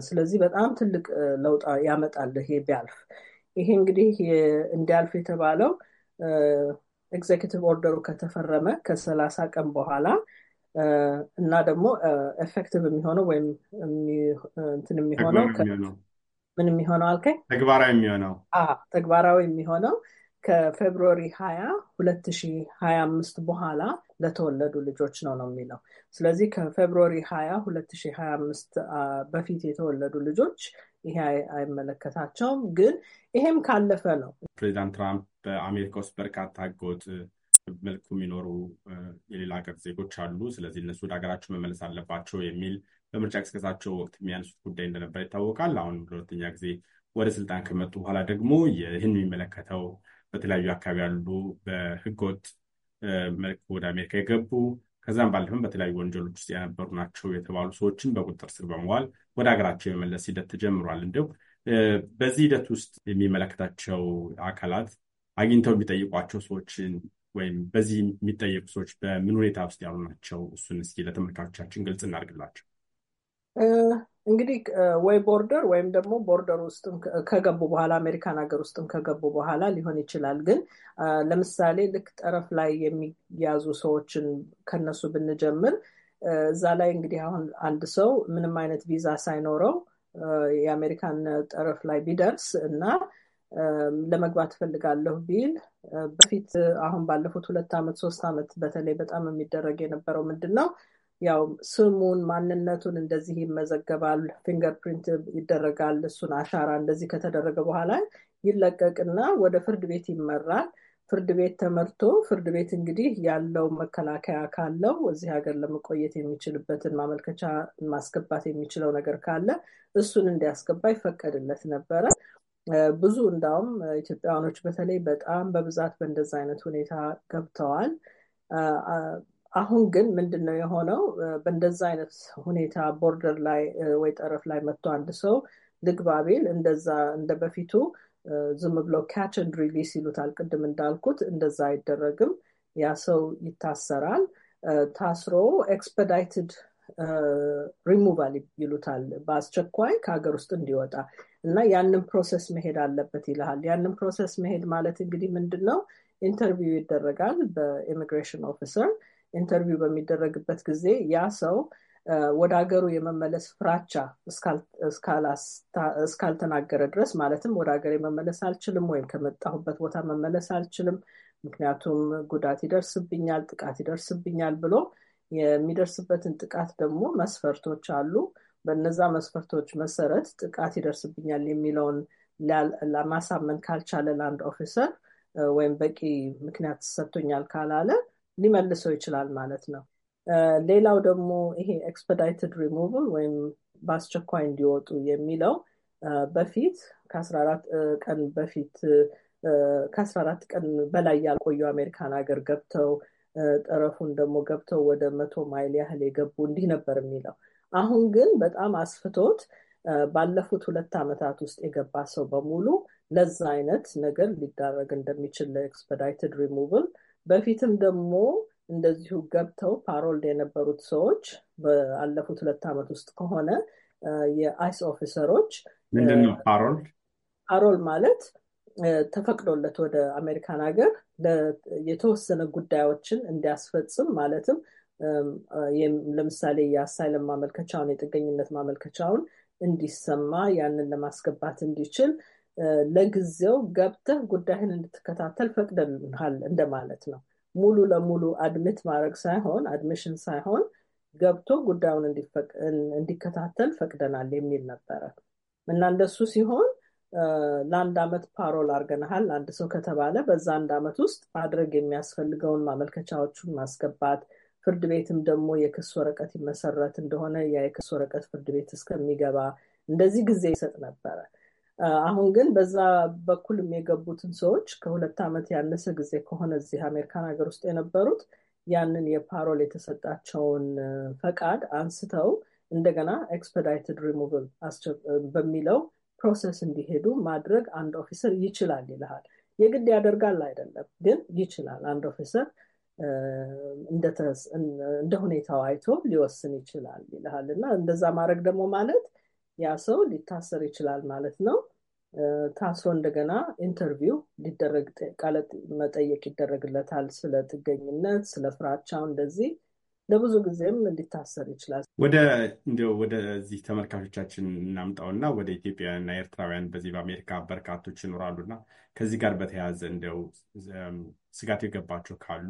ስለዚህ በጣም ትልቅ ለውጥ ያመጣል ይሄ ቢያልፍ። ይሄ እንግዲህ እንዲያልፍ የተባለው ኤግዜኪቲቭ ኦርደሩ ከተፈረመ ከሰላሳ ቀን በኋላ እና ደግሞ ኤፌክቲቭ የሚሆነው ወይም የሚሆነው ምን የሚሆነው አልከኝ? ተግባራዊ የሚሆነው ተግባራዊ የሚሆነው ከፌብሩዋሪ ሀያ ሁለት ሺ ሀያ አምስት በኋላ ለተወለዱ ልጆች ነው ነው የሚለው። ስለዚህ ከፌብሩዋሪ ሀያ ሁለት ሺ ሀያ አምስት በፊት የተወለዱ ልጆች ይሄ አይመለከታቸውም። ግን ይሄም ካለፈ ነው። ፕሬዚዳንት ትራምፕ በአሜሪካ ውስጥ በርካታ ህገወጥ መልኩ የሚኖሩ የሌላ ሀገር ዜጎች አሉ፣ ስለዚህ እነሱ ወደ ሀገራቸው መመለስ አለባቸው የሚል በምርጫ ቅስቀሳቸው ወቅት የሚያነሱት ጉዳይ እንደነበር ይታወቃል። አሁን ለሁለተኛ ጊዜ ወደ ስልጣን ከመጡ በኋላ ደግሞ ይህን የሚመለከተው በተለያዩ አካባቢ ያሉ በህገወጥ መልክ ወደ አሜሪካ የገቡ ከዚያም ባለፈም በተለያዩ ወንጀሎች ውስጥ የነበሩ ናቸው የተባሉ ሰዎችን በቁጥጥር ስር በመዋል ወደ ሀገራቸው የመመለስ ሂደት ተጀምሯል። እንዲሁ በዚህ ሂደት ውስጥ የሚመለከታቸው አካላት አግኝተው የሚጠይቋቸው ሰዎችን ወይም በዚህ የሚጠየቁ ሰዎች በምን ሁኔታ ውስጥ ያሉ ናቸው? እሱን እስኪ ለተመልካቾቻችን ግልጽ እናርግላቸው። እንግዲህ ወይ ቦርደር ወይም ደግሞ ቦርደር ውስጥም ከገቡ በኋላ አሜሪካን ሀገር ውስጥም ከገቡ በኋላ ሊሆን ይችላል። ግን ለምሳሌ ልክ ጠረፍ ላይ የሚያዙ ሰዎችን ከነሱ ብንጀምር እዛ ላይ እንግዲህ አሁን አንድ ሰው ምንም አይነት ቪዛ ሳይኖረው የአሜሪካን ጠረፍ ላይ ቢደርስ እና ለመግባት እፈልጋለሁ ቢል በፊት አሁን ባለፉት ሁለት ዓመት ሶስት ዓመት በተለይ በጣም የሚደረግ የነበረው ምንድን ነው ያው ስሙን ማንነቱን እንደዚህ ይመዘገባል፣ ፊንገር ፕሪንት ይደረጋል። እሱን አሻራ እንደዚህ ከተደረገ በኋላ ይለቀቅና ወደ ፍርድ ቤት ይመራል። ፍርድ ቤት ተመርቶ ፍርድ ቤት እንግዲህ ያለው መከላከያ ካለው እዚህ ሀገር ለመቆየት የሚችልበትን ማመልከቻ ማስገባት የሚችለው ነገር ካለ እሱን እንዲያስገባ ይፈቀድለት ነበረ። ብዙ እንዳውም ኢትዮጵያውያኖች በተለይ በጣም በብዛት በእንደዚ አይነት ሁኔታ ገብተዋል። አሁን ግን ምንድን ነው የሆነው? በእንደዛ አይነት ሁኔታ ቦርደር ላይ ወይ ጠረፍ ላይ መጥቶ አንድ ሰው ልግባ ቢል እንደዛ እንደ በፊቱ ዝም ብሎ ካች ኤንድ ሪሊስ ይሉታል። ቅድም እንዳልኩት እንደዛ አይደረግም። ያ ሰው ይታሰራል። ታስሮ ኤክስፐዳይትድ ሪሙቫል ይሉታል። በአስቸኳይ ከሀገር ውስጥ እንዲወጣ እና ያንን ፕሮሰስ መሄድ አለበት ይልሃል። ያንን ፕሮሰስ መሄድ ማለት እንግዲህ ምንድን ነው? ኢንተርቪው ይደረጋል በኢሚግሬሽን ኦፊሰር ኢንተርቪው በሚደረግበት ጊዜ ያ ሰው ወደ ሀገሩ የመመለስ ፍራቻ እስካልተናገረ ድረስ ማለትም ወደ ሀገር መመለስ አልችልም ወይም ከመጣሁበት ቦታ መመለስ አልችልም፣ ምክንያቱም ጉዳት ይደርስብኛል፣ ጥቃት ይደርስብኛል ብሎ የሚደርስበትን ጥቃት ደግሞ መስፈርቶች አሉ። በነዛ መስፈርቶች መሰረት ጥቃት ይደርስብኛል የሚለውን ለማሳመን ካልቻለ ላንድ ኦፊሰር ወይም በቂ ምክንያት ሰጥቶኛል ካላለ ሊመልሰው ይችላል ማለት ነው። ሌላው ደግሞ ይሄ ኤክስፐዳይትድ ሪሙቭል ወይም በአስቸኳይ እንዲወጡ የሚለው በፊት ከአስራ አራት ቀን በፊት ከአስራ አራት ቀን በላይ ያልቆዩ አሜሪካን ሀገር ገብተው ጠረፉን ደግሞ ገብተው ወደ መቶ ማይል ያህል የገቡ እንዲህ ነበር የሚለው። አሁን ግን በጣም አስፍቶት ባለፉት ሁለት ዓመታት ውስጥ የገባ ሰው በሙሉ ለዛ አይነት ነገር ሊዳረግ እንደሚችል ለኤክስፐዳይትድ ሪሙቭል በፊትም ደግሞ እንደዚሁ ገብተው ፓሮልድ የነበሩት ሰዎች በአለፉት ሁለት ዓመት ውስጥ ከሆነ የአይስ ኦፊሰሮች ፓሮልድ? ፓሮል ማለት ተፈቅዶለት ወደ አሜሪካን ሀገር የተወሰነ ጉዳዮችን እንዲያስፈጽም ማለትም ለምሳሌ የአሳይለም ማመልከቻውን የጥገኝነት ማመልከቻውን እንዲሰማ ያንን ለማስገባት እንዲችል ለጊዜው ገብተህ ጉዳይህን እንድትከታተል ፈቅደንሃል እንደማለት ነው። ሙሉ ለሙሉ አድሚት ማድረግ ሳይሆን አድሚሽን ሳይሆን ገብቶ ጉዳዩን እንዲከታተል ፈቅደናል የሚል ነበረ እና እንደሱ ሲሆን ለአንድ አመት ፓሮል አርገናሃል አንድ ሰው ከተባለ በዛ አንድ ዓመት ውስጥ ማድረግ የሚያስፈልገውን ማመልከቻዎቹን ማስገባት ፍርድ ቤትም ደግሞ የክስ ወረቀት ይመሰረት እንደሆነ ያ የክስ ወረቀት ፍርድ ቤት እስከሚገባ እንደዚህ ጊዜ ይሰጥ ነበረ። አሁን ግን በዛ በኩልም የገቡትን ሰዎች ከሁለት ዓመት ያነሰ ጊዜ ከሆነ እዚህ አሜሪካን ሀገር ውስጥ የነበሩት ያንን የፓሮል የተሰጣቸውን ፈቃድ አንስተው እንደገና ኤክስፐዳይትድ ሪሙቭል በሚለው ፕሮሰስ እንዲሄዱ ማድረግ አንድ ኦፊሰር ይችላል ይልሃል። የግድ ያደርጋል አይደለም፣ ግን ይችላል። አንድ ኦፊሰር እንደ ሁኔታው አይቶ ሊወስን ይችላል ይልሃል እና እንደዛ ማድረግ ደግሞ ማለት ያ ሰው ሊታሰር ይችላል ማለት ነው። ታስሮ እንደገና ኢንተርቪው ሊደረግ ቃለ መጠየቅ ይደረግለታል። ስለ ጥገኝነት፣ ስለ ፍራቻው እንደዚህ ለብዙ ጊዜም ሊታሰር ይችላል። ወደ እንዲያው ወደዚህ ተመልካቾቻችን እናምጣውና ወደ ኢትዮጵያውያንና ኤርትራውያን በዚህ በአሜሪካ በርካቶች ይኖራሉና ከዚህ ጋር በተያያዘ እንዲያው ስጋት የገባቸው ካሉ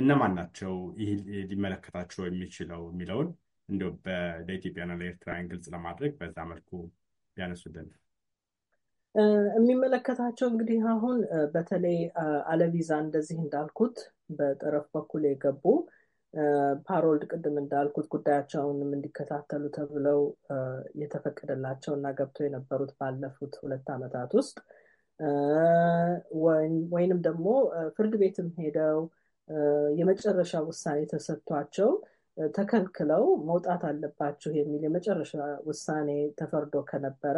እነማን ናቸው ይህ ሊመለከታቸው የሚችለው የሚለውን እንዲሁ ለኢትዮጵያና ለኤርትራውያን ግልጽ ለማድረግ በዛ መልኩ ቢያነሱልን። የሚመለከታቸው እንግዲህ አሁን በተለይ አለቪዛ እንደዚህ እንዳልኩት በጠረፍ በኩል የገቡ ፓሮልድ ቅድም እንዳልኩት ጉዳያቸውንም እንዲከታተሉ ተብለው የተፈቀደላቸው እና ገብቶ የነበሩት ባለፉት ሁለት ዓመታት ውስጥ ወይንም ደግሞ ፍርድ ቤትም ሄደው የመጨረሻ ውሳኔ ተሰጥቷቸው ተከልክለው መውጣት አለባችሁ የሚል የመጨረሻ ውሳኔ ተፈርዶ ከነበረ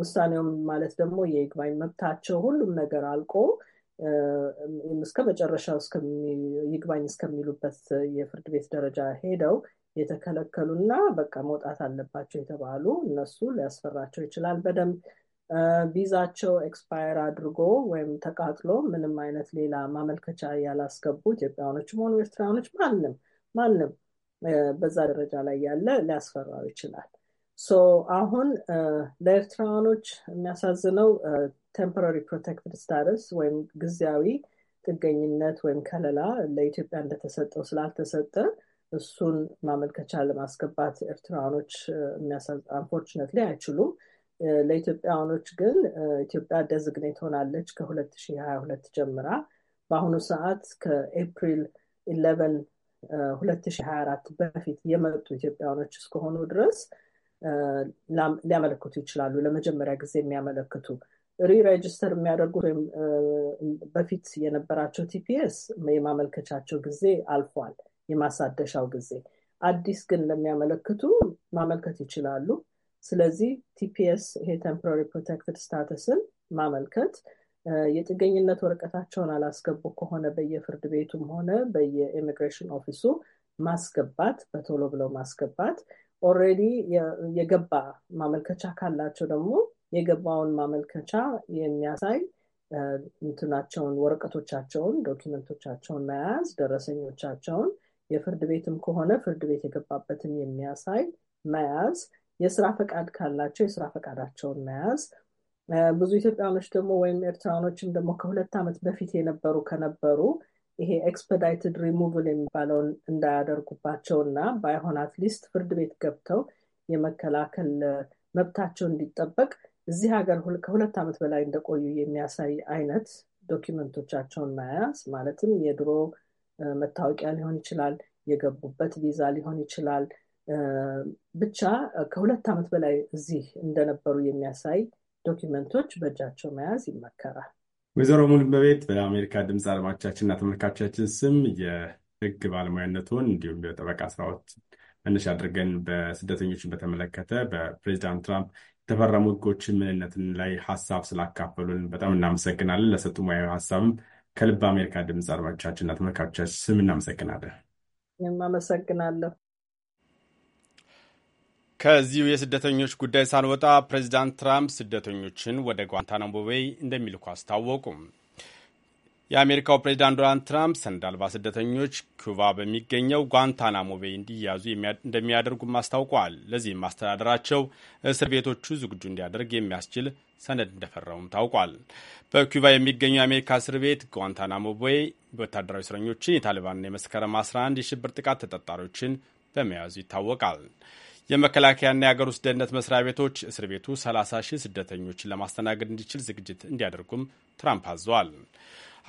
ውሳኔውም ማለት ደግሞ የይግባኝ መብታቸው ሁሉም ነገር አልቆ እስከ መጨረሻው ይግባኝ እስከሚሉበት የፍርድ ቤት ደረጃ ሄደው የተከለከሉና በቃ መውጣት አለባቸው የተባሉ እነሱ ሊያስፈራቸው ይችላል። በደንብ ቪዛቸው ኤክስፓየር አድርጎ ወይም ተቃጥሎ ምንም አይነት ሌላ ማመልከቻ ያላስገቡ ኢትዮጵያውያኖችም ሆኑ ኤርትራውያኖች ማንም ማንም በዛ ደረጃ ላይ ያለ ሊያስፈራው ይችላል። ሶ አሁን ለኤርትራውያኖች የሚያሳዝነው ቴምፖራሪ ፕሮቴክትድ ስታትስ ወይም ጊዜያዊ ጥገኝነት ወይም ከለላ ለኢትዮጵያ እንደተሰጠው ስላልተሰጠ እሱን ማመልከቻ ለማስገባት ኤርትራውያኖች አንፎርችነትሊ አይችሉም። ለኢትዮጵያውያኖች ግን ኢትዮጵያ ደዝግኔት ሆናለች ከ2022 ጀምራ በአሁኑ ሰዓት ከኤፕሪል ኢለቨን 2024 በፊት የመጡ ኢትዮጵያውያኖች እስከሆኑ ድረስ ሊያመለክቱ ይችላሉ። ለመጀመሪያ ጊዜ የሚያመለክቱ ሪሬጅስተር የሚያደርጉት ወይም በፊት የነበራቸው ቲፒኤስ የማመልከቻቸው ጊዜ አልፏል፣ የማሳደሻው ጊዜ። አዲስ ግን ለሚያመለክቱ ማመልከት ይችላሉ። ስለዚህ ቲፒኤስ ይሄ ቴምፖራሪ ፕሮቴክትድ ስታተስን ማመልከት የጥገኝነት ወረቀታቸውን አላስገቡ ከሆነ በየፍርድ ቤቱም ሆነ በየኢሚግሬሽን ኦፊሱ ማስገባት፣ በቶሎ ብለው ማስገባት። ኦልሬዲ የገባ ማመልከቻ ካላቸው ደግሞ የገባውን ማመልከቻ የሚያሳይ እንትናቸውን ወረቀቶቻቸውን፣ ዶኪመንቶቻቸውን መያዝ፣ ደረሰኞቻቸውን የፍርድ ቤትም ከሆነ ፍርድ ቤት የገባበትን የሚያሳይ መያዝ፣ የስራ ፈቃድ ካላቸው የስራ ፈቃዳቸውን መያዝ ብዙ ኢትዮጵያኖች ደግሞ ወይም ኤርትራኖችም ደግሞ ከሁለት ዓመት በፊት የነበሩ ከነበሩ ይሄ ኤክስፐዳይትድ ሪሙቭል የሚባለውን እንዳያደርጉባቸው እና ባይሆን አትሊስት ፍርድ ቤት ገብተው የመከላከል መብታቸው እንዲጠበቅ እዚህ ሀገር ከሁለት ዓመት በላይ እንደቆዩ የሚያሳይ አይነት ዶኪመንቶቻቸውን መያዝ ማለትም የድሮ መታወቂያ ሊሆን ይችላል፣ የገቡበት ቪዛ ሊሆን ይችላል። ብቻ ከሁለት ዓመት በላይ እዚህ እንደነበሩ የሚያሳይ ዶኪመንቶች በእጃቸው መያዝ ይመከራል። ወይዘሮ በቤት በአሜሪካ ድምፅ አድማጮቻችንና ተመልካቾቻችን ስም የህግ ባለሙያነቱን እንዲሁም የጠበቃ ስራዎች መነሻ አድርገን በስደተኞችን በተመለከተ በፕሬዚዳንት ትራምፕ የተፈረሙ ህጎች ምንነትን ላይ ሀሳብ ስላካፈሉን በጣም እናመሰግናለን። ለሰጡ ሙያዊ ሀሳብም ከልብ አሜሪካ ድምፅ አድማጮቻችንና ተመልካቾቻችን ስም እናመሰግናለን። አመሰግናለሁ። ከዚሁ የስደተኞች ጉዳይ ሳንወጣ ፕሬዚዳንት ትራምፕ ስደተኞችን ወደ ጓንታናሞ ቤይ እንደሚልኩ አስታወቁም። የአሜሪካው ፕሬዚዳንት ዶናልድ ትራምፕ ሰነድ አልባ ስደተኞች ኩባ በሚገኘው ጓንታናሞ ቤይ እንዲያዙ እንደሚያደርጉም አስታውቋል። ለዚህም ማስተዳደራቸው እስር ቤቶቹ ዝግጁ እንዲያደርግ የሚያስችል ሰነድ እንደፈረሙም ታውቋል። በኩባ የሚገኘው የአሜሪካ እስር ቤት ጓንታናሞ ቤይ ወታደራዊ እስረኞችን፣ የታሊባንና የመስከረም 11 የሽብር ጥቃት ተጠርጣሪዎችን በመያዙ ይታወቃል። የመከላከያና የአገር ውስጥ ደህንነት መስሪያ ቤቶች እስር ቤቱ 30 ሺህ ስደተኞችን ለማስተናገድ እንዲችል ዝግጅት እንዲያደርጉም ትራምፕ አዘዋል።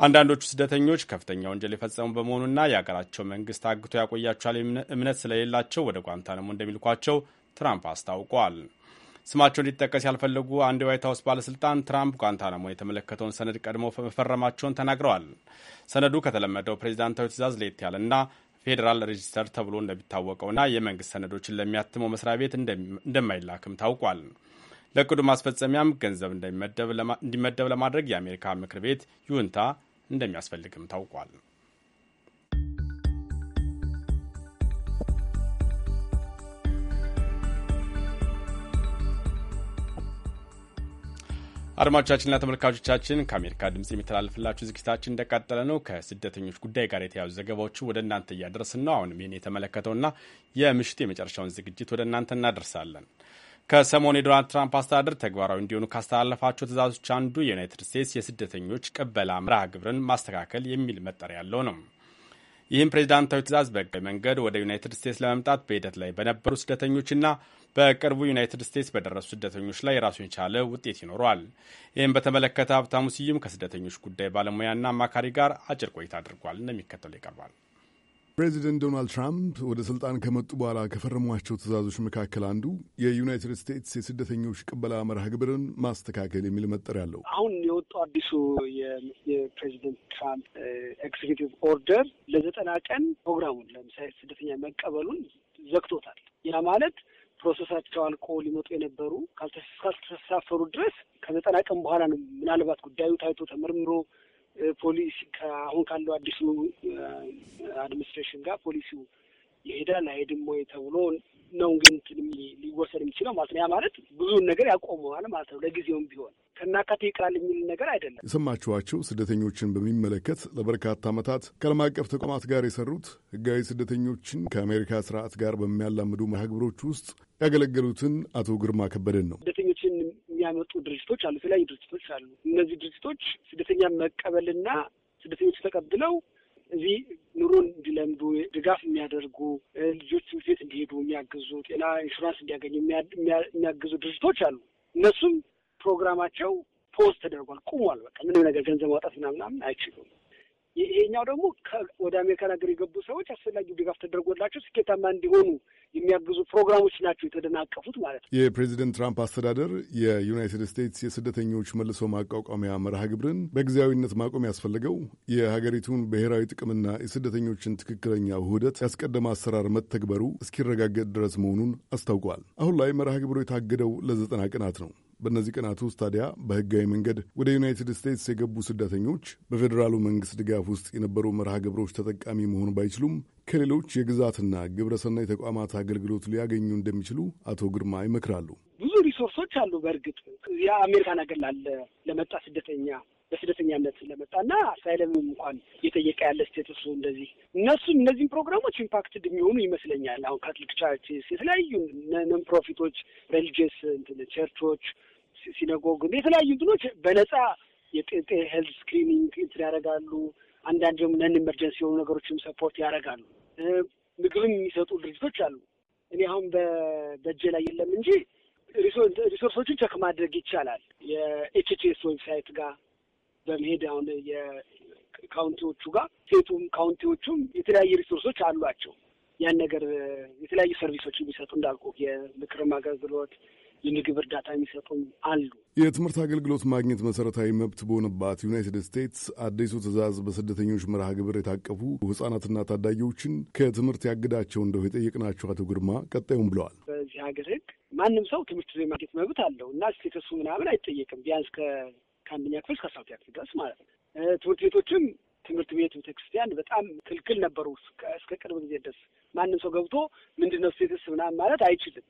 አንዳንዶቹ ስደተኞች ከፍተኛ ወንጀል የፈጸሙ በመሆኑና የአገራቸው መንግስት አግቶ ያቆያቸዋል እምነት ስለሌላቸው ወደ ጓንታናሞ እንደሚልኳቸው ትራምፕ አስታውቋል። ስማቸው እንዲጠቀስ ያልፈለጉ አንድ የዋይት ሀውስ ባለስልጣን ትራምፕ ጓንታናሞን የተመለከተውን ሰነድ ቀድሞ መፈረማቸውን ተናግረዋል። ሰነዱ ከተለመደው ፕሬዚዳንታዊ ትእዛዝ ለየት ያለና ፌዴራል ሬጂስተር ተብሎ እንደሚታወቀውና የመንግስት ሰነዶችን ለሚያትመው መስሪያ ቤት እንደማይላክም ታውቋል። ለእቅዱ ማስፈጸሚያም ገንዘብ እንዲመደብ ለማድረግ የአሜሪካ ምክር ቤት ይሁንታ እንደሚያስፈልግም ታውቋል። አድማጮቻችንና ተመልካቾቻችን ከአሜሪካ ድምፅ የሚተላለፍላችሁ ዝግጅታችን እንደቀጠለ ነው። ከስደተኞች ጉዳይ ጋር የተያዙ ዘገባዎቹ ወደ እናንተ እያደረስን ነው። አሁንም ይህን የተመለከተውና የምሽቱ የመጨረሻውን ዝግጅት ወደ እናንተ እናደርሳለን። ከሰሞኑ የዶናልድ ትራምፕ አስተዳደር ተግባራዊ እንዲሆኑ ካስተላለፋቸው ትእዛዞች አንዱ የዩናይትድ ስቴትስ የስደተኞች ቅበላ መርሃ ግብርን ማስተካከል የሚል መጠሪያ ያለው ነው። ይህም ፕሬዚዳንታዊ ትእዛዝ በህጋዊ መንገድ ወደ ዩናይትድ ስቴትስ ለመምጣት በሂደት ላይ በነበሩ ስደተኞችና በቅርቡ ዩናይትድ ስቴትስ በደረሱ ስደተኞች ላይ የራሱን የቻለ ውጤት ይኖረዋል። ይህም በተመለከተ ሀብታሙ ስዩም ከስደተኞች ጉዳይ ባለሙያና አማካሪ ጋር አጭር ቆይታ አድርጓል። እንደሚከተለው ይቀርባል። ፕሬዚደንት ዶናልድ ትራምፕ ወደ ስልጣን ከመጡ በኋላ ከፈረሟቸው ትዕዛዞች መካከል አንዱ የዩናይትድ ስቴትስ የስደተኞች ቅበላ መርሃ ግብርን ማስተካከል የሚል መጠሪያ አለው። አሁን የወጡ አዲሱ የፕሬዚደንት ትራምፕ ኤግዚኪቲቭ ኦርደር ለዘጠና ቀን ፕሮግራሙን ለምሳሌ ስደተኛ መቀበሉን ዘግቶታል። ያ ማለት ፕሮሰሳቸው አልቆ ሊመጡ የነበሩ ካልተሳፈሩ ድረስ ከዘጠና ቀን በኋላ ነው ምናልባት ጉዳዩ ታይቶ ተመርምሮ ፖሊሲ አሁን ካለው አዲሱ አድሚኒስትሬሽን ጋር ፖሊሲው ይሄዳል አይሄድም ወይ ተብሎ ነው ግን ሊወሰድ የሚችለው ማለት ነው። ያ ማለት ብዙውን ነገር ያቆመዋል ማለት ነው። ለጊዜውም ቢሆን ከናካቴ ይቅራል የሚል ነገር አይደለም። የሰማችኋቸው ስደተኞችን በሚመለከት ለበርካታ ዓመታት ከዓለም አቀፍ ተቋማት ጋር የሰሩት ህጋዊ ስደተኞችን ከአሜሪካ ስርዓት ጋር በሚያላምዱ መርሃ ግብሮች ውስጥ ያገለገሉትን አቶ ግርማ ከበደን ነው። ስደተኞችን የሚያመጡ ድርጅቶች አሉ፣ የተለያዩ ድርጅቶች አሉ። እነዚህ ድርጅቶች ስደተኛ መቀበልና ስደተኞች ተቀብለው እዚህ ኑሮን እንዲለምዱ ድጋፍ የሚያደርጉ ልጆች ትምህርት ቤት እንዲሄዱ የሚያግዙ ጤና ኢንሹራንስ እንዲያገኙ የሚያግዙ ድርጅቶች አሉ። እነሱም ፕሮግራማቸው ፖዝ ተደርጓል፣ ቁሟል። በቃ ምንም ነገር ገንዘብ ማውጣት ምናምናምን አይችሉም። ይሄኛው ደግሞ ወደ አሜሪካን ሀገር የገቡ ሰዎች አስፈላጊው ድጋፍ ተደርጎላቸው ስኬታማ እንዲሆኑ የሚያግዙ ፕሮግራሞች ናቸው የተደናቀፉት ማለት ነው። የፕሬዚደንት ትራምፕ አስተዳደር የዩናይትድ ስቴትስ የስደተኞች መልሶ ማቋቋሚያ መርሃ ግብርን በጊዜያዊነት ማቆም ያስፈልገው የሀገሪቱን ብሔራዊ ጥቅምና የስደተኞችን ትክክለኛ ውህደት ያስቀደመ አሰራር መተግበሩ እስኪረጋገጥ ድረስ መሆኑን አስታውቋል። አሁን ላይ መርሃ ግብሩ የታገደው ለዘጠና ቀናት ነው። በእነዚህ ቀናት ውስጥ ታዲያ በህጋዊ መንገድ ወደ ዩናይትድ ስቴትስ የገቡ ስደተኞች በፌዴራሉ መንግስት ድጋፍ ውስጥ የነበሩ መርሃ ግብሮች ተጠቃሚ መሆን ባይችሉም ከሌሎች የግዛትና ግብረሰናይ ተቋማት አገልግሎት ሊያገኙ እንደሚችሉ አቶ ግርማ ይመክራሉ። ብዙ ሪሶርሶች አሉ። በእርግጥ የአሜሪካን ሀገር ላለ ለመጣ ስደተኛ በስደተኛነት ለመጣ ለመጣና አሳይለም እንኳን እየጠየቀ ያለ ስቴትሱ እንደዚህ እነሱ እነዚህም ፕሮግራሞች ኢምፓክትድ የሚሆኑ ይመስለኛል። አሁን ካትሊክ ቻርችስ፣ የተለያዩ ነን ፕሮፊቶች፣ ሬሊጅስ እንትን ቸርቾች፣ ሲነጎግ የተለያዩ እንትኖች በነጻ የጤጤ ሄልት ስክሪኒንግ እንትን ያደርጋሉ። አንዳንድ ደግሞ ነን ኢመርጀንሲ የሆኑ ነገሮችም ሰፖርት ያደርጋሉ። ምግብም የሚሰጡ ድርጅቶች አሉ። እኔ አሁን በእጄ ላይ የለም እንጂ ሪሶርሶችን ቸክ ማድረግ ይቻላል። የኤችቲኤስ ዌብሳይት ጋር በመሄድ አሁን የካውንቲዎቹ ጋር ሴቱም ካውንቲዎቹም የተለያዩ ሪሶርሶች አሏቸው። ያን ነገር የተለያዩ ሰርቪሶች የሚሰጡ እንዳልኩ የምክርም አገልግሎት የምግብ እርዳታ የሚሰጡም አሉ። የትምህርት አገልግሎት ማግኘት መሰረታዊ መብት በሆነባት ዩናይትድ ስቴትስ አዲሱ ትዕዛዝ በስደተኞች መርሃ ግብር የታቀፉ ህጻናትና ታዳጊዎችን ከትምህርት ያግዳቸው እንደው የጠየቅናቸው አቶ ግርማ ቀጣዩም ብለዋል። በዚህ ሀገር ህግ ማንም ሰው ትምህርት ማግኘት መብት አለው እና ስቴተሱ ምናምን አይጠየቅም ቢያንስ ከአንደኛ ክፍል እስከ አስራ ሁለተኛ ክፍል ድረስ ማለት ነው። ትምህርት ቤቶችም ትምህርት ቤት ቤተክርስቲያን በጣም ክልክል ነበሩ እስከ ቅርብ ጊዜ ድረስ ማንም ሰው ገብቶ ምንድነው ነው ስቴትስ ምናምን ማለት አይችልም።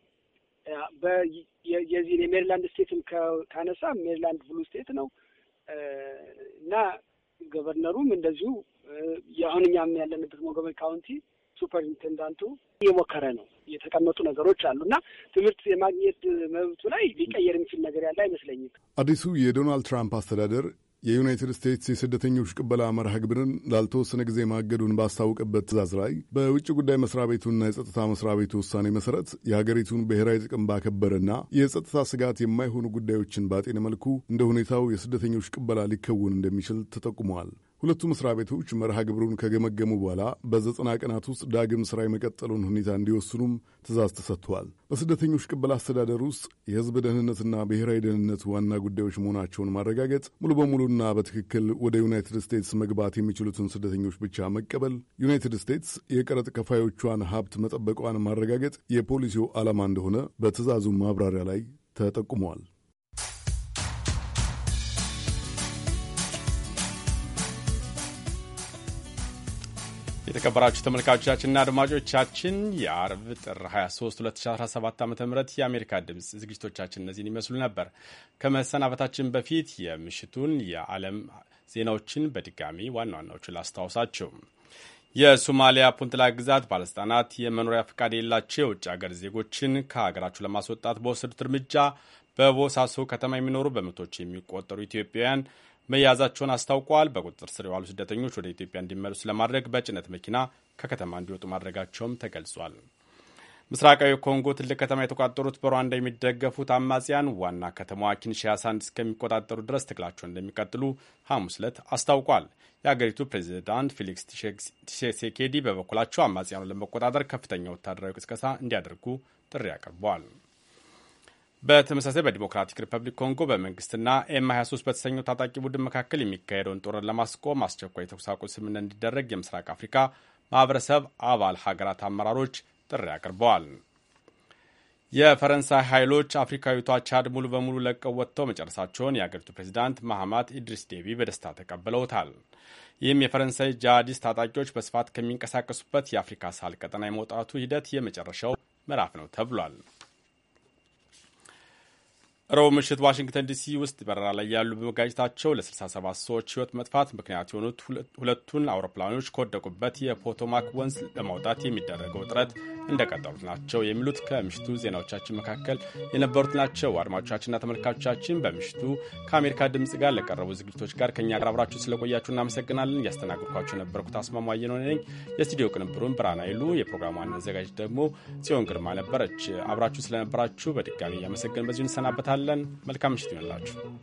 የዚህ የሜሪላንድ ስቴትም ካነሳ ሜሪላንድ ብሉ ስቴት ነው እና ገቨርነሩም እንደዚሁ የአሁን እኛም ያለንበት ሞንጎመሪ ካውንቲ ሱፐርኢንቴንዳንቱ እየሞከረ ነው። የተቀመጡ ነገሮች አሉ እና ትምህርት የማግኘት መብቱ ላይ ሊቀየር የሚችል ነገር ያለ አይመስለኝም። አዲሱ የዶናልድ ትራምፕ አስተዳደር የዩናይትድ ስቴትስ የስደተኞች ቅበላ መርሃ ግብርን ላልተወሰነ ጊዜ ማገዱን ባስታወቀበት ትእዛዝ ላይ በውጭ ጉዳይ መስሪያ ቤቱና የጸጥታ መስሪያ ቤቱ ውሳኔ መሰረት የሀገሪቱን ብሔራዊ ጥቅም ባከበረና የጸጥታ ስጋት የማይሆኑ ጉዳዮችን ባጤነ መልኩ እንደ ሁኔታው የስደተኞች ቅበላ ሊከውን እንደሚችል ተጠቁመዋል። ሁለቱ መስሪያ ቤቶች መርሃ ግብሩን ከገመገሙ በኋላ በዘጠና ቀናት ውስጥ ዳግም ስራ የመቀጠሉን ሁኔታ እንዲወስኑም ትእዛዝ ተሰጥቷል። በስደተኞች ቅበላ አስተዳደር ውስጥ የሕዝብ ደህንነትና ብሔራዊ ደህንነት ዋና ጉዳዮች መሆናቸውን ማረጋገጥ፣ ሙሉ በሙሉና በትክክል ወደ ዩናይትድ ስቴትስ መግባት የሚችሉትን ስደተኞች ብቻ መቀበል፣ ዩናይትድ ስቴትስ የቀረጥ ከፋዮቿን ሀብት መጠበቋን ማረጋገጥ የፖሊሲው ዓላማ እንደሆነ በትእዛዙ ማብራሪያ ላይ ተጠቁመዋል። የተከበራችሁ ተመልካቾቻችንና አድማጮቻችን የአርብ ጥር 23 2017 ዓ ም የአሜሪካ ድምፅ ዝግጅቶቻችን እነዚህን ይመስሉ ነበር። ከመሰናበታችን በፊት የምሽቱን የዓለም ዜናዎችን በድጋሚ ዋና ዋናዎቹን ላስታውሳችሁ። የሶማሊያ ፑንትላንድ ግዛት ባለስልጣናት የመኖሪያ ፈቃድ የሌላቸው የውጭ ሀገር ዜጎችን ከሀገራችሁ ለማስወጣት በወሰዱት እርምጃ በቦሳሶ ከተማ የሚኖሩ በመቶች የሚቆጠሩ ኢትዮጵያውያን መያዛቸውን አስታውቀዋል። በቁጥጥር ስር የዋሉ ስደተኞች ወደ ኢትዮጵያ እንዲመለሱ ለማድረግ በጭነት መኪና ከከተማ እንዲወጡ ማድረጋቸውም ተገልጿል። ምስራቃዊ ኮንጎ ትልቅ ከተማ የተቆጣጠሩት በሩዋንዳ የሚደገፉት አማጽያን ዋና ከተማዋ ኪንሻሳን እስከሚቆጣጠሩ ድረስ ትግላቸውን እንደሚቀጥሉ ሐሙስ ዕለት አስታውቋል። የአገሪቱ ፕሬዚዳንት ፊሊክስ ቲሴሴኬዲ በበኩላቸው አማጽያኑን ለመቆጣጠር ከፍተኛ ወታደራዊ ቅስቀሳ እንዲያደርጉ ጥሪ አቅርበዋል። በተመሳሳይ በዲሞክራቲክ ሪፐብሊክ ኮንጎ በመንግስትና ኤም 23 በተሰኘው ታጣቂ ቡድን መካከል የሚካሄደውን ጦርን ለማስቆም አስቸኳይ ተኩስ አቁም ስምምነት እንዲደረግ የምስራቅ አፍሪካ ማህበረሰብ አባል ሀገራት አመራሮች ጥሪ አቅርበዋል። የፈረንሳይ ኃይሎች አፍሪካዊቷ ቻድ ሙሉ በሙሉ ለቀው ወጥተው መጨረሳቸውን የአገሪቱ ፕሬዚዳንት ማህማት ኢድሪስ ዴቢ በደስታ ተቀብለውታል። ይህም የፈረንሳይ ጂሃዲስት ታጣቂዎች በስፋት ከሚንቀሳቀሱበት የአፍሪካ ሳህል ቀጠና የመውጣቱ ሂደት የመጨረሻው ምዕራፍ ነው ተብሏል። ረቡዕ ምሽት ዋሽንግተን ዲሲ ውስጥ በረራ ላይ ያሉ በመጋጨታቸው ለ67 ሰዎች ህይወት መጥፋት ምክንያት የሆኑት ሁለቱን አውሮፕላኖች ከወደቁበት የፖቶማክ ወንዝ ለማውጣት የሚደረገው ጥረት እንደቀጠሉት ናቸው የሚሉት ከምሽቱ ዜናዎቻችን መካከል የነበሩት ናቸው። አድማጮቻችንና ተመልካቾቻችን በምሽቱ ከአሜሪካ ድምፅ ጋር ለቀረቡ ዝግጅቶች ጋር ከእኛ ጋር አብራችሁ ስለቆያችሁ እናመሰግናለን። እያስተናግድኳቸው የነበርኩት አስማማየ ነው ነኝ። የስቱዲዮ ቅንብሩን ብርሃን ኃይሉ፣ የፕሮግራሙ አዘጋጅ ደግሞ ጽዮን ግርማ ነበረች። አብራችሁ ስለነበራችሁ በድጋሚ እያመሰገን በዚሁ እንሰናበታለን። እንመኛለን። መልካም ምሽት ይሆንላችሁ።